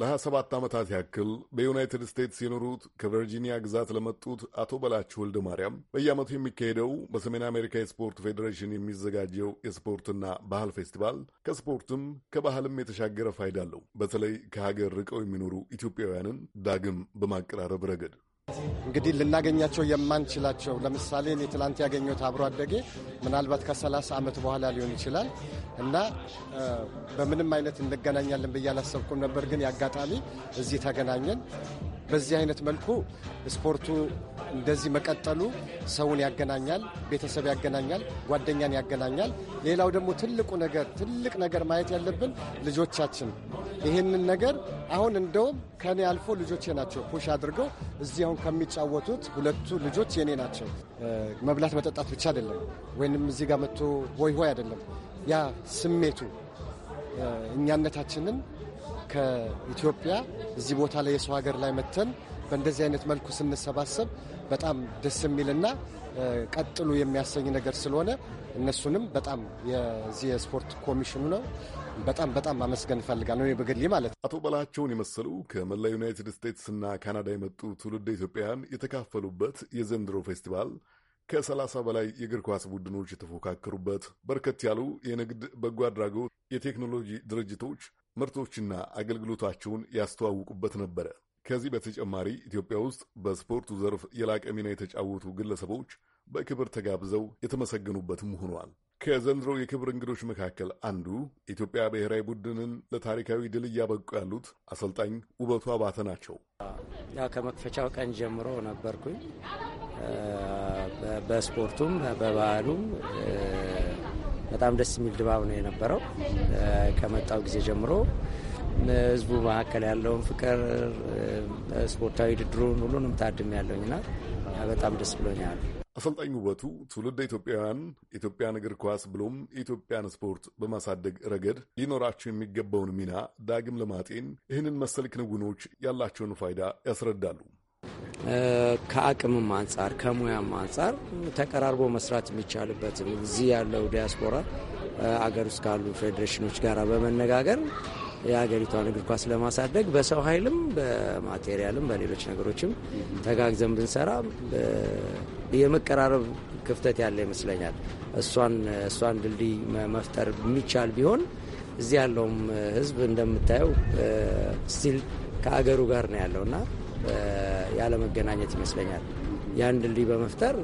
ለ27 ዓመታት ያክል በዩናይትድ ስቴትስ የኖሩት ከቨርጂኒያ ግዛት ለመጡት አቶ በላቸው ወልደ ማርያም በየዓመቱ የሚካሄደው በሰሜን አሜሪካ የስፖርት ፌዴሬሽን የሚዘጋጀው የስፖርትና ባህል ፌስቲቫል ከስፖርትም ከባህልም የተሻገረ ፋይዳ አለው። በተለይ ከሀገር ርቀው የሚኖሩ ኢትዮጵያውያንን ዳግም በማቀራረብ ረገድ እንግዲህ ልናገኛቸው የማንችላቸው ለምሳሌ እኔ ትላንት ያገኘሁት አብሮ አደጌ ምናልባት ከሰላሳ ዓመት በኋላ ሊሆን ይችላል እና በምንም አይነት እንገናኛለን ብዬ አላሰብኩም ነበር። ግን ያጋጣሚ እዚህ ተገናኘን። በዚህ አይነት መልኩ ስፖርቱ እንደዚህ መቀጠሉ ሰውን ያገናኛል፣ ቤተሰብ ያገናኛል፣ ጓደኛን ያገናኛል። ሌላው ደግሞ ትልቁ ነገር ትልቅ ነገር ማየት ያለብን ልጆቻችን ይህንን ነገር አሁን እንደውም ከኔ አልፎ ልጆቼ ናቸው ፑሽ አድርገው እዚህ አሁን ከሚጫወቱት ሁለቱ ልጆች የኔ ናቸው። መብላት መጠጣት ብቻ አይደለም፣ ወይንም እዚህ ጋር መጥቶ ሆይ ሆይ አይደለም። ያ ስሜቱ እኛነታችንን ከኢትዮጵያ እዚህ ቦታ ላይ የሰው ሀገር ላይ መተን በእንደዚህ አይነት መልኩ ስንሰባሰብ በጣም ደስ የሚልና ቀጥሉ የሚያሰኝ ነገር ስለሆነ እነሱንም በጣም የዚህ የስፖርት ኮሚሽኑ ነው በጣም በጣም ማመስገን እፈልጋለሁ። ነው በግሌ ማለት አቶ በላቸውን የመሰሉ ከመላ ዩናይትድ ስቴትስና ካናዳ የመጡ ትውልድ ኢትዮጵያውያን የተካፈሉበት የዘንድሮ ፌስቲቫል ከሰላሳ በላይ የእግር ኳስ ቡድኖች የተፎካከሩበት በርከት ያሉ የንግድ በጎ አድራጎት የቴክኖሎጂ ድርጅቶች ምርቶችና አገልግሎታቸውን ያስተዋውቁበት ነበረ። ከዚህ በተጨማሪ ኢትዮጵያ ውስጥ በስፖርቱ ዘርፍ የላቀ ሚና የተጫወቱ ግለሰቦች በክብር ተጋብዘው የተመሰገኑበትም ሆኗል። ከዘንድሮ የክብር እንግዶች መካከል አንዱ ኢትዮጵያ ብሔራዊ ቡድንን ለታሪካዊ ድል እያበቁ ያሉት አሰልጣኝ ውበቱ አባተ ናቸው። ያው ከመክፈቻው ቀን ጀምሮ ነበርኩኝ። በስፖርቱም በባህሉም በጣም ደስ የሚል ድባብ ነው የነበረው። ከመጣው ጊዜ ጀምሮ ህዝቡ መካከል ያለውን ፍቅር፣ ስፖርታዊ ውድድሩን ሁሉንም ታድም ያለውኝና በጣም ደስ ብሎኛል። አሰልጣኝ ውበቱ ትውልድ ኢትዮጵያውያን የኢትዮጵያን እግር ኳስ ብሎም የኢትዮጵያን ስፖርት በማሳደግ ረገድ ሊኖራቸው የሚገባውን ሚና ዳግም ለማጤን ይህንን መሰል ክንውኖች ያላቸውን ፋይዳ ያስረዳሉ። ከአቅምም አንጻር ከሙያም አንጻር ተቀራርቦ መስራት የሚቻልበትም እዚህ ያለው ዲያስፖራ አገር ውስጥ ካሉ ፌዴሬሽኖች ጋር በመነጋገር የሀገሪቷን እግር ኳስ ለማሳደግ በሰው ኃይልም በማቴሪያልም በሌሎች ነገሮችም ተጋግዘን ብንሰራ የመቀራረብ ክፍተት ያለ ይመስለኛል። እሷን እሷን ድልድይ መፍጠር የሚቻል ቢሆን እዚህ ያለውም ሕዝብ እንደምታየው ስቲል ከአገሩ ጋር ነው ያለውና ያለመገናኘት ይመስለኛል። ያን ድልድይ በመፍጠር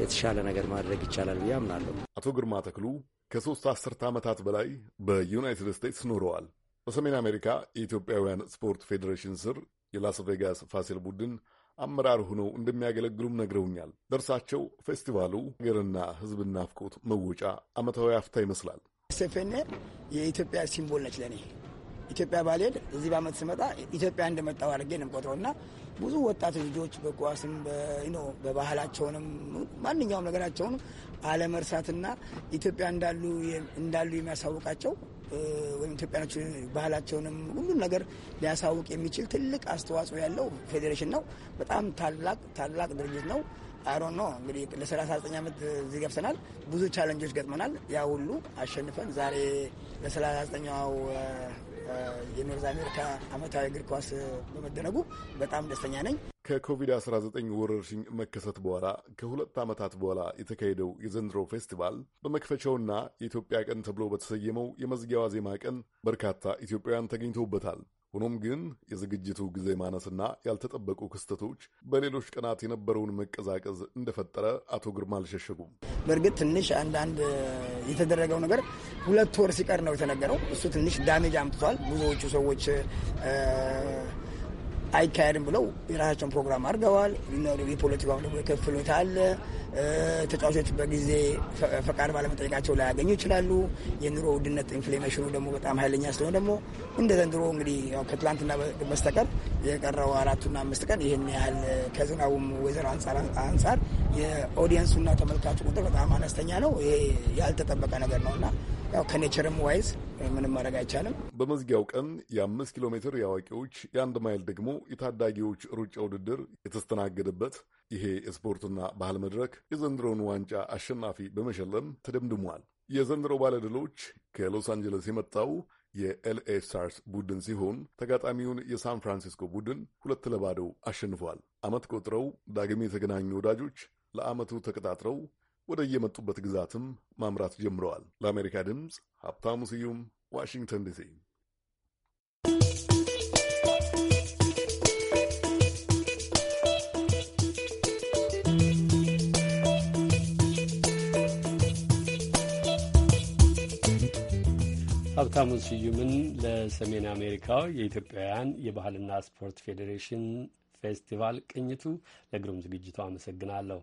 የተሻለ ነገር ማድረግ ይቻላል ብዬ አምናለሁ። አቶ ግርማ ተክሉ ከሶስት አስርተ ዓመታት በላይ በዩናይትድ ስቴትስ ኖረዋል። በሰሜን አሜሪካ የኢትዮጵያውያን ስፖርት ፌዴሬሽን ስር የላስ ቬጋስ ፋሲል ቡድን አመራር ሆነው እንደሚያገለግሉም ነግረውኛል። ደርሳቸው ፌስቲቫሉ ሀገርና ሕዝብና ናፍቆት መወጫ ዓመታዊ አፍታ ይመስላል። ሴፌኔ የኢትዮጵያ ሲምቦል ነች ለእኔ ኢትዮጵያ ባልሄድ እዚህ በአመት ስመጣ ኢትዮጵያ እንደመጣው አድርጌ ነው የምቆጥረው እና ብዙ ወጣት ልጆች በኳስም በባህላቸውንም ማንኛውም ነገራቸውን አለመርሳትና ኢትዮጵያ እንዳሉ እንዳሉ የሚያሳውቃቸው ወይም ኢትዮጵያኖች ባህላቸውንም ሁሉም ነገር ሊያሳውቅ የሚችል ትልቅ አስተዋጽኦ ያለው ፌዴሬሽን ነው። በጣም ታላቅ ታላቅ ድርጅት ነው። አሮ ነው እንግዲህ ለ39 ዓመት እዚህ ገብሰናል። ብዙ ቻለንጆች ገጥመናል። ያ ሁሉ አሸንፈን ዛሬ ለ39ኛው የኖርዝ አሜሪካ አመታዊ እግር ኳስ በመደረጉ በጣም ደስተኛ ነኝ። ከኮቪድ-19 ወረርሽኝ መከሰት በኋላ ከሁለት ዓመታት በኋላ የተካሄደው የዘንድሮ ፌስቲቫል በመክፈቻውና የኢትዮጵያ ቀን ተብሎ በተሰየመው የመዝጊያ ዋዜማ ቀን በርካታ ኢትዮጵያውያን ተገኝተውበታል። ሆኖም ግን የዝግጅቱ ጊዜ ማነስና ያልተጠበቁ ክስተቶች በሌሎች ቀናት የነበረውን መቀዛቀዝ እንደፈጠረ አቶ ግርማ አልሸሸጉም። በእርግጥ ትንሽ አንዳንድ የተደረገው ነገር ሁለት ወር ሲቀር ነው የተነገረው። እሱ ትንሽ ዳሜጅ አምጥቷል። ብዙዎቹ ሰዎች አይካሄድም ብለው የራሳቸውን ፕሮግራም አድርገዋል። የፖለቲካ ክፍሎት አለ። ተጫዋቾች በጊዜ ፈቃድ ባለመጠየቃቸው ላያገኙ ይችላሉ። የኑሮ ውድነት ኢንፍሌሜሽኑ ደግሞ በጣም ኃይለኛ ስለሆነ ደግሞ እንደ ዘንድሮ እንግዲህ ከትላንትና በስተቀር የቀረው አራቱና አምስት ቀን ይህን ያህል ከዝናቡም ወይዘሮ አንጻር የኦዲየንሱና ተመልካቹ ቁጥር በጣም አነስተኛ ነው። ይሄ ያልተጠበቀ ነገር ነው እና ያው ከኔቸርም ዋይዝ ምንም ማድረግ አይቻልም። በመዝጊያው ቀን የአምስት ኪሎ ሜትር የአዋቂዎች የአንድ ማይል ደግሞ የታዳጊዎች ሩጫ ውድድር የተስተናገደበት ይሄ የስፖርትና ባህል መድረክ የዘንድሮውን ዋንጫ አሸናፊ በመሸለም ተደምድሟል። የዘንድሮ ባለድሎች ከሎስ አንጀለስ የመጣው የኤልኤ ስታርስ ቡድን ሲሆን ተጋጣሚውን የሳን ፍራንሲስኮ ቡድን ሁለት ለባዶ አሸንፏል። ዓመት ቆጥረው ዳግም የተገናኙ ወዳጆች ለዓመቱ ተቀጣጥረው ወደ የመጡበት ግዛትም ማምራት ጀምረዋል። ለአሜሪካ ድምፅ ሀብታሙ ስዩም ዋሽንግተን ዲሲ። ሀብታሙ ስዩምን ለሰሜን አሜሪካው የኢትዮጵያውያን የባህልና ስፖርት ፌዴሬሽን ፌስቲቫል ቅኝቱ ለግሩም ዝግጅቱ አመሰግናለሁ።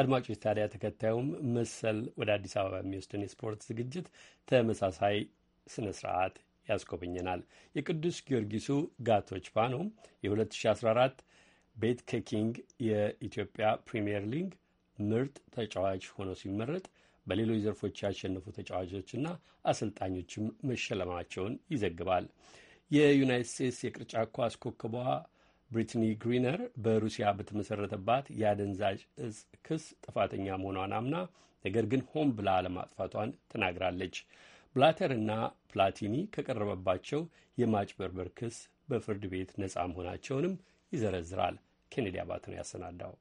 አድማጮች ታዲያ ተከታዩም መሰል ወደ አዲስ አበባ የሚወስድን የስፖርት ዝግጅት ተመሳሳይ ስነ ስርዓት ያስጎበኘናል። የቅዱስ ጊዮርጊሱ ጋቶች ፓኖም የ2014 ቤት ከኪንግ የኢትዮጵያ ፕሪምየር ሊግ ምርጥ ተጫዋች ሆኖ ሲመረጥ በሌሎች ዘርፎች ያሸነፉ ተጫዋቾችና አሰልጣኞችም መሸለማቸውን ይዘግባል። የዩናይት ስቴትስ የቅርጫት ኳስ ኮከቧ ብሪትኒ ግሪነር በሩሲያ በተመሰረተባት የአደንዛዥ እጽ ክስ ጥፋተኛ መሆኗን አምና ነገር ግን ሆን ብላ አለማጥፋቷን ተናግራለች። ብላተር እና ፕላቲኒ ከቀረበባቸው የማጭበርበር ክስ በፍርድ ቤት ነጻ መሆናቸውንም ይዘረዝራል። ኬኔዲ አባት ነው ያሰናዳው።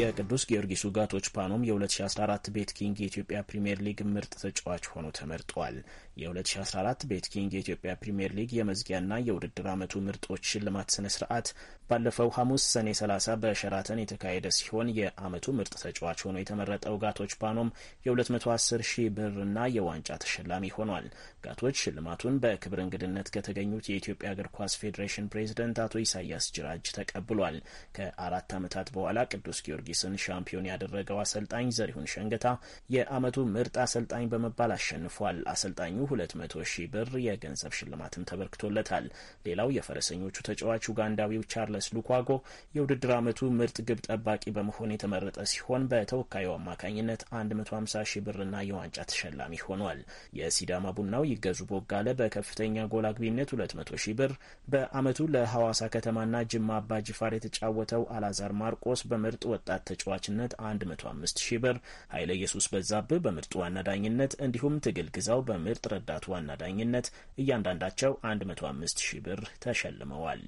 የቅዱስ ጊዮርጊሱ ጋቶች ፓኖም የ2014 ቤት ኪንግ የኢትዮጵያ ፕሪምየር ሊግ ምርጥ ተጫዋች ሆኖ ተመርጧል። የ2014 ቤት ኪንግ የኢትዮጵያ ፕሪምየር ሊግ የመዝጊያና የውድድር ዓመቱ ምርጦች ሽልማት ስነ ስርዓት ባለፈው ሐሙስ ሰኔ 30 በሸራተን የተካሄደ ሲሆን የዓመቱ ምርጥ ተጫዋች ሆኖ የተመረጠው ጋቶች ፓኖም የ210 ሺህ ብርና የዋንጫ ተሸላሚ ሆኗል። ጋቶች ሽልማቱን በክብር እንግድነት ከተገኙት የኢትዮጵያ እግር ኳስ ፌዴሬሽን ፕሬዚደንት አቶ ኢሳያስ ጅራጅ ተቀብሏል። ከአራት ዓመታት በኋላ ቅዱስ ጊዮርጊስ ጊዮርጊስን ሻምፒዮን ያደረገው አሰልጣኝ ዘሪሁን ሸንገታ የዓመቱ ምርጥ አሰልጣኝ በመባል አሸንፏል። አሰልጣኙ መቶ ሺህ ብር የገንዘብ ሽልማትም ተበርክቶለታል። ሌላው የፈረሰኞቹ ተጫዋች ኡጋንዳዊው ቻርለስ ሉኳጎ የውድድር ዓመቱ ምርጥ ግብ ጠባቂ በመሆን የተመረጠ ሲሆን በተወካዩ አማካኝነት 150 ሺህ ብርና የዋንጫ ተሸላሚ ሆኗል። የሲዳማ ቡናው ይገዙ ቦጋለ በከፍተኛ ጎል አግቢነት 200 ሺህ ብር፣ በዓመቱ ለሐዋሳ ከተማና ጅማ አባ ጅፋር የተጫወተው አላዛር ማርቆስ በምርጥ ወጣ ወጣት ተጫዋችነት 105 ሺህ ብር፣ ኃይለ ኢየሱስ በዛብህ በምርጥ ዋና ዳኝነት እንዲሁም ትግል ግዛው በምርጥ ረዳት ዋና ዳኝነት እያንዳንዳቸው 105 ሺህ ብር ተሸልመዋል።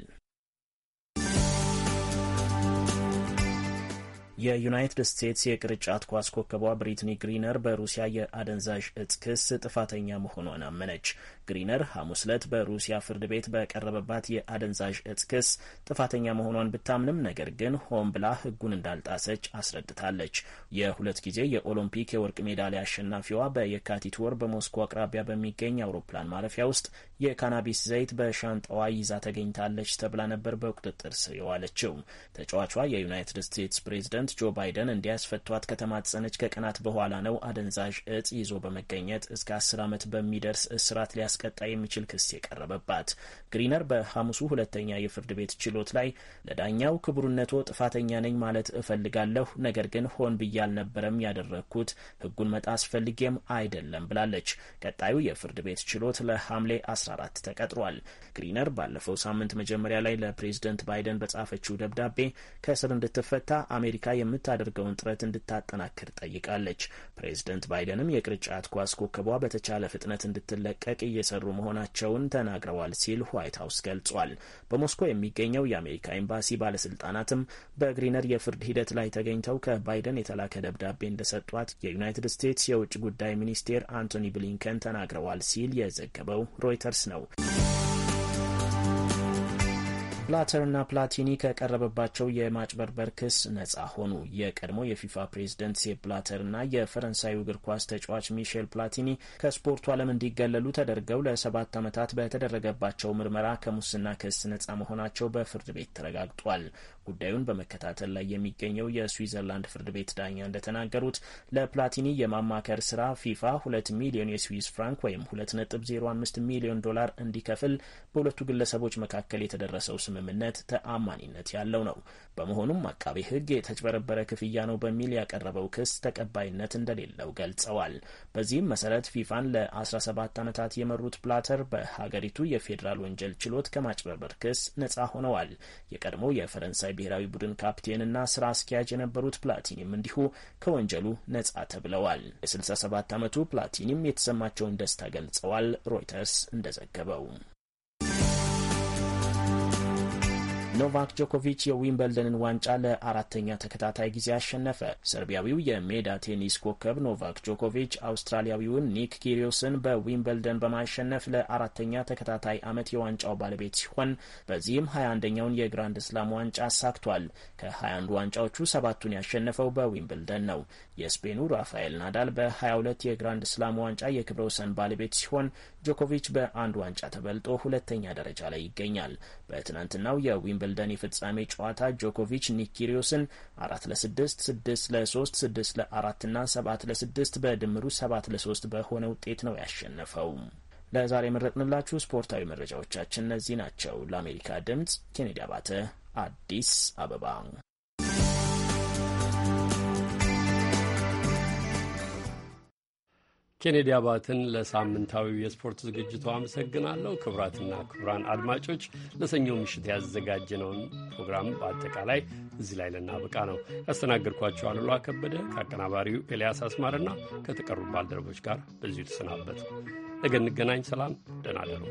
የዩናይትድ ስቴትስ የቅርጫት ኳስ ኮከቧ ብሪትኒ ግሪነር በሩሲያ የአደንዛዥ እጽ ክስ ጥፋተኛ መሆኗን አመነች። ግሪነር ሐሙስ ዕለት በሩሲያ ፍርድ ቤት በቀረበባት የአደንዛዥ እጽ ክስ ጥፋተኛ መሆኗን ብታምንም ነገር ግን ሆን ብላ ሕጉን እንዳልጣሰች አስረድታለች። የሁለት ጊዜ የኦሎምፒክ የወርቅ ሜዳሊያ አሸናፊዋ በየካቲት ወር በሞስኮ አቅራቢያ በሚገኝ አውሮፕላን ማረፊያ ውስጥ የካናቢስ ዘይት በሻንጣዋ ይዛ ተገኝታለች ተብላ ነበር በቁጥጥር ስር የዋለችው። ተጫዋቿ የዩናይትድ ስቴትስ ፕሬዚደንት ጆ ባይደን እንዲያስፈቷት ከተማጸነች ከቀናት በኋላ ነው አደንዛዥ እጽ ይዞ በመገኘት እስከ አስር ዓመት በሚደርስ እስራት ሊያስቀጣ የሚችል ክስ የቀረበባት። ግሪነር በሐሙሱ ሁለተኛ የፍርድ ቤት ችሎት ላይ ለዳኛው ክቡርነቶ ጥፋተኛ ነኝ ማለት እፈልጋለሁ፣ ነገር ግን ሆን ብዬ አልነበረም ያደረግኩት፣ ህጉን መጣስ ፈልጌም አይደለም ብላለች። ቀጣዩ የፍርድ ቤት ችሎት ለሐምሌ 14 ተቀጥሯል። ግሪነር ባለፈው ሳምንት መጀመሪያ ላይ ለፕሬዝደንት ባይደን በጻፈችው ደብዳቤ ከእስር እንድትፈታ አሜሪካ የምታደርገውን ጥረት እንድታጠናክር ጠይቃለች። ፕሬዝደንት ባይደንም የቅርጫት ኳስ ኮከቧ በተቻለ ፍጥነት እንድትለቀቅ እየሰሩ መሆናቸውን ተናግረዋል ሲል ዋይት ሀውስ ገልጿል። በሞስኮ የሚገኘው የአሜሪካ ኤምባሲ ባለስልጣናትም በግሪነር የፍርድ ሂደት ላይ ተገኝተው ከባይደን የተላከ ደብዳቤ እንደሰጧት የዩናይትድ ስቴትስ የውጭ ጉዳይ ሚኒስቴር አንቶኒ ብሊንከን ተናግረዋል ሲል የዘገበው ሮይተርስ ነው። ፕላተርና ፕላቲኒ ከቀረበባቸው የማጭበርበር ክስ ነጻ ሆኑ። የቀድሞ የፊፋ ፕሬዝደንት ሴፕ ፕላተርና የፈረንሳዩ እግር ኳስ ተጫዋች ሚሼል ፕላቲኒ ከስፖርቱ ዓለም እንዲገለሉ ተደርገው ለሰባት ዓመታት በተደረገባቸው ምርመራ ከሙስና ክስ ነጻ መሆናቸው በፍርድ ቤት ተረጋግጧል። ጉዳዩን በመከታተል ላይ የሚገኘው የስዊዘርላንድ ፍርድ ቤት ዳኛ እንደተናገሩት ለፕላቲኒ የማማከር ስራ ፊፋ ሁለት ሚሊዮን የስዊስ ፍራንክ ወይም ሁለት ነጥብ ዜሮ አምስት ሚሊዮን ዶላር እንዲከፍል በሁለቱ ግለሰቦች መካከል የተደረሰው ስም ስምምነት ተአማኒነት ያለው ነው። በመሆኑም አቃቤ ሕግ የተጭበረበረ ክፍያ ነው በሚል ያቀረበው ክስ ተቀባይነት እንደሌለው ገልጸዋል። በዚህም መሰረት ፊፋን ለ17 ዓመታት የመሩት ፕላተር በሀገሪቱ የፌዴራል ወንጀል ችሎት ከማጭበርበር ክስ ነጻ ሆነዋል። የቀድሞ የፈረንሳይ ብሔራዊ ቡድን ካፕቴንና ስራ አስኪያጅ የነበሩት ፕላቲኒም እንዲሁ ከወንጀሉ ነጻ ተብለዋል። የ67 ዓመቱ ፕላቲኒም የተሰማቸውን ደስታ ገልጸዋል። ሮይተርስ እንደዘገበው ኖቫክ ጆኮቪች የዊምበልደንን ዋንጫ ለአራተኛ ተከታታይ ጊዜ አሸነፈ። ሰርቢያዊው የሜዳ ቴኒስ ኮከብ ኖቫክ ጆኮቪች አውስትራሊያዊውን ኒክ ኪሪዮስን በዊምበልደን በማሸነፍ ለአራተኛ ተከታታይ ዓመት የዋንጫው ባለቤት ሲሆን በዚህም 21ኛውን የግራንድ ስላም ዋንጫ አሳክቷል። ከ21 ዋንጫዎቹ ሰባቱን ያሸነፈው በዊምብልደን ነው። የስፔኑ ራፋኤል ናዳል በ22 የግራንድ ስላም ዋንጫ የክብረ ወሰን ባለቤት ሲሆን ጆኮቪች በአንድ ዋንጫ ተበልጦ ሁለተኛ ደረጃ ላይ ይገኛል። በትናንትናው የዊምብልደን የፍጻሜ ጨዋታ ጆኮቪች ኒኪሪዮስን አራት ለስድስት ስድስት ለሶስት ስድስት ለአራት ና ሰባት ለስድስት በድምሩ ሰባት ለሶስት በሆነ ውጤት ነው ያሸነፈው። ለዛሬ የመረጥንላችሁ ስፖርታዊ መረጃዎቻችን እነዚህ ናቸው። ለአሜሪካ ድምጽ ኬኔዲ አባተ አዲስ አበባ ኬኔዲ አባትን ለሳምንታዊ የስፖርት ዝግጅቱ አመሰግናለሁ። ክቡራትና ክቡራን አድማጮች ለሰኞው ምሽት ያዘጋጀነውን ፕሮግራም በአጠቃላይ እዚህ ላይ ልናበቃ ነው። ያስተናገድኳቸው አሉላ ከበደ ከአቀናባሪው ኤልያስ አስማርና ከተቀሩ ባልደረቦች ጋር በዚሁ ተሰናበት። ነገ እንገናኝ። ሰላም፣ ደህና እደሩ።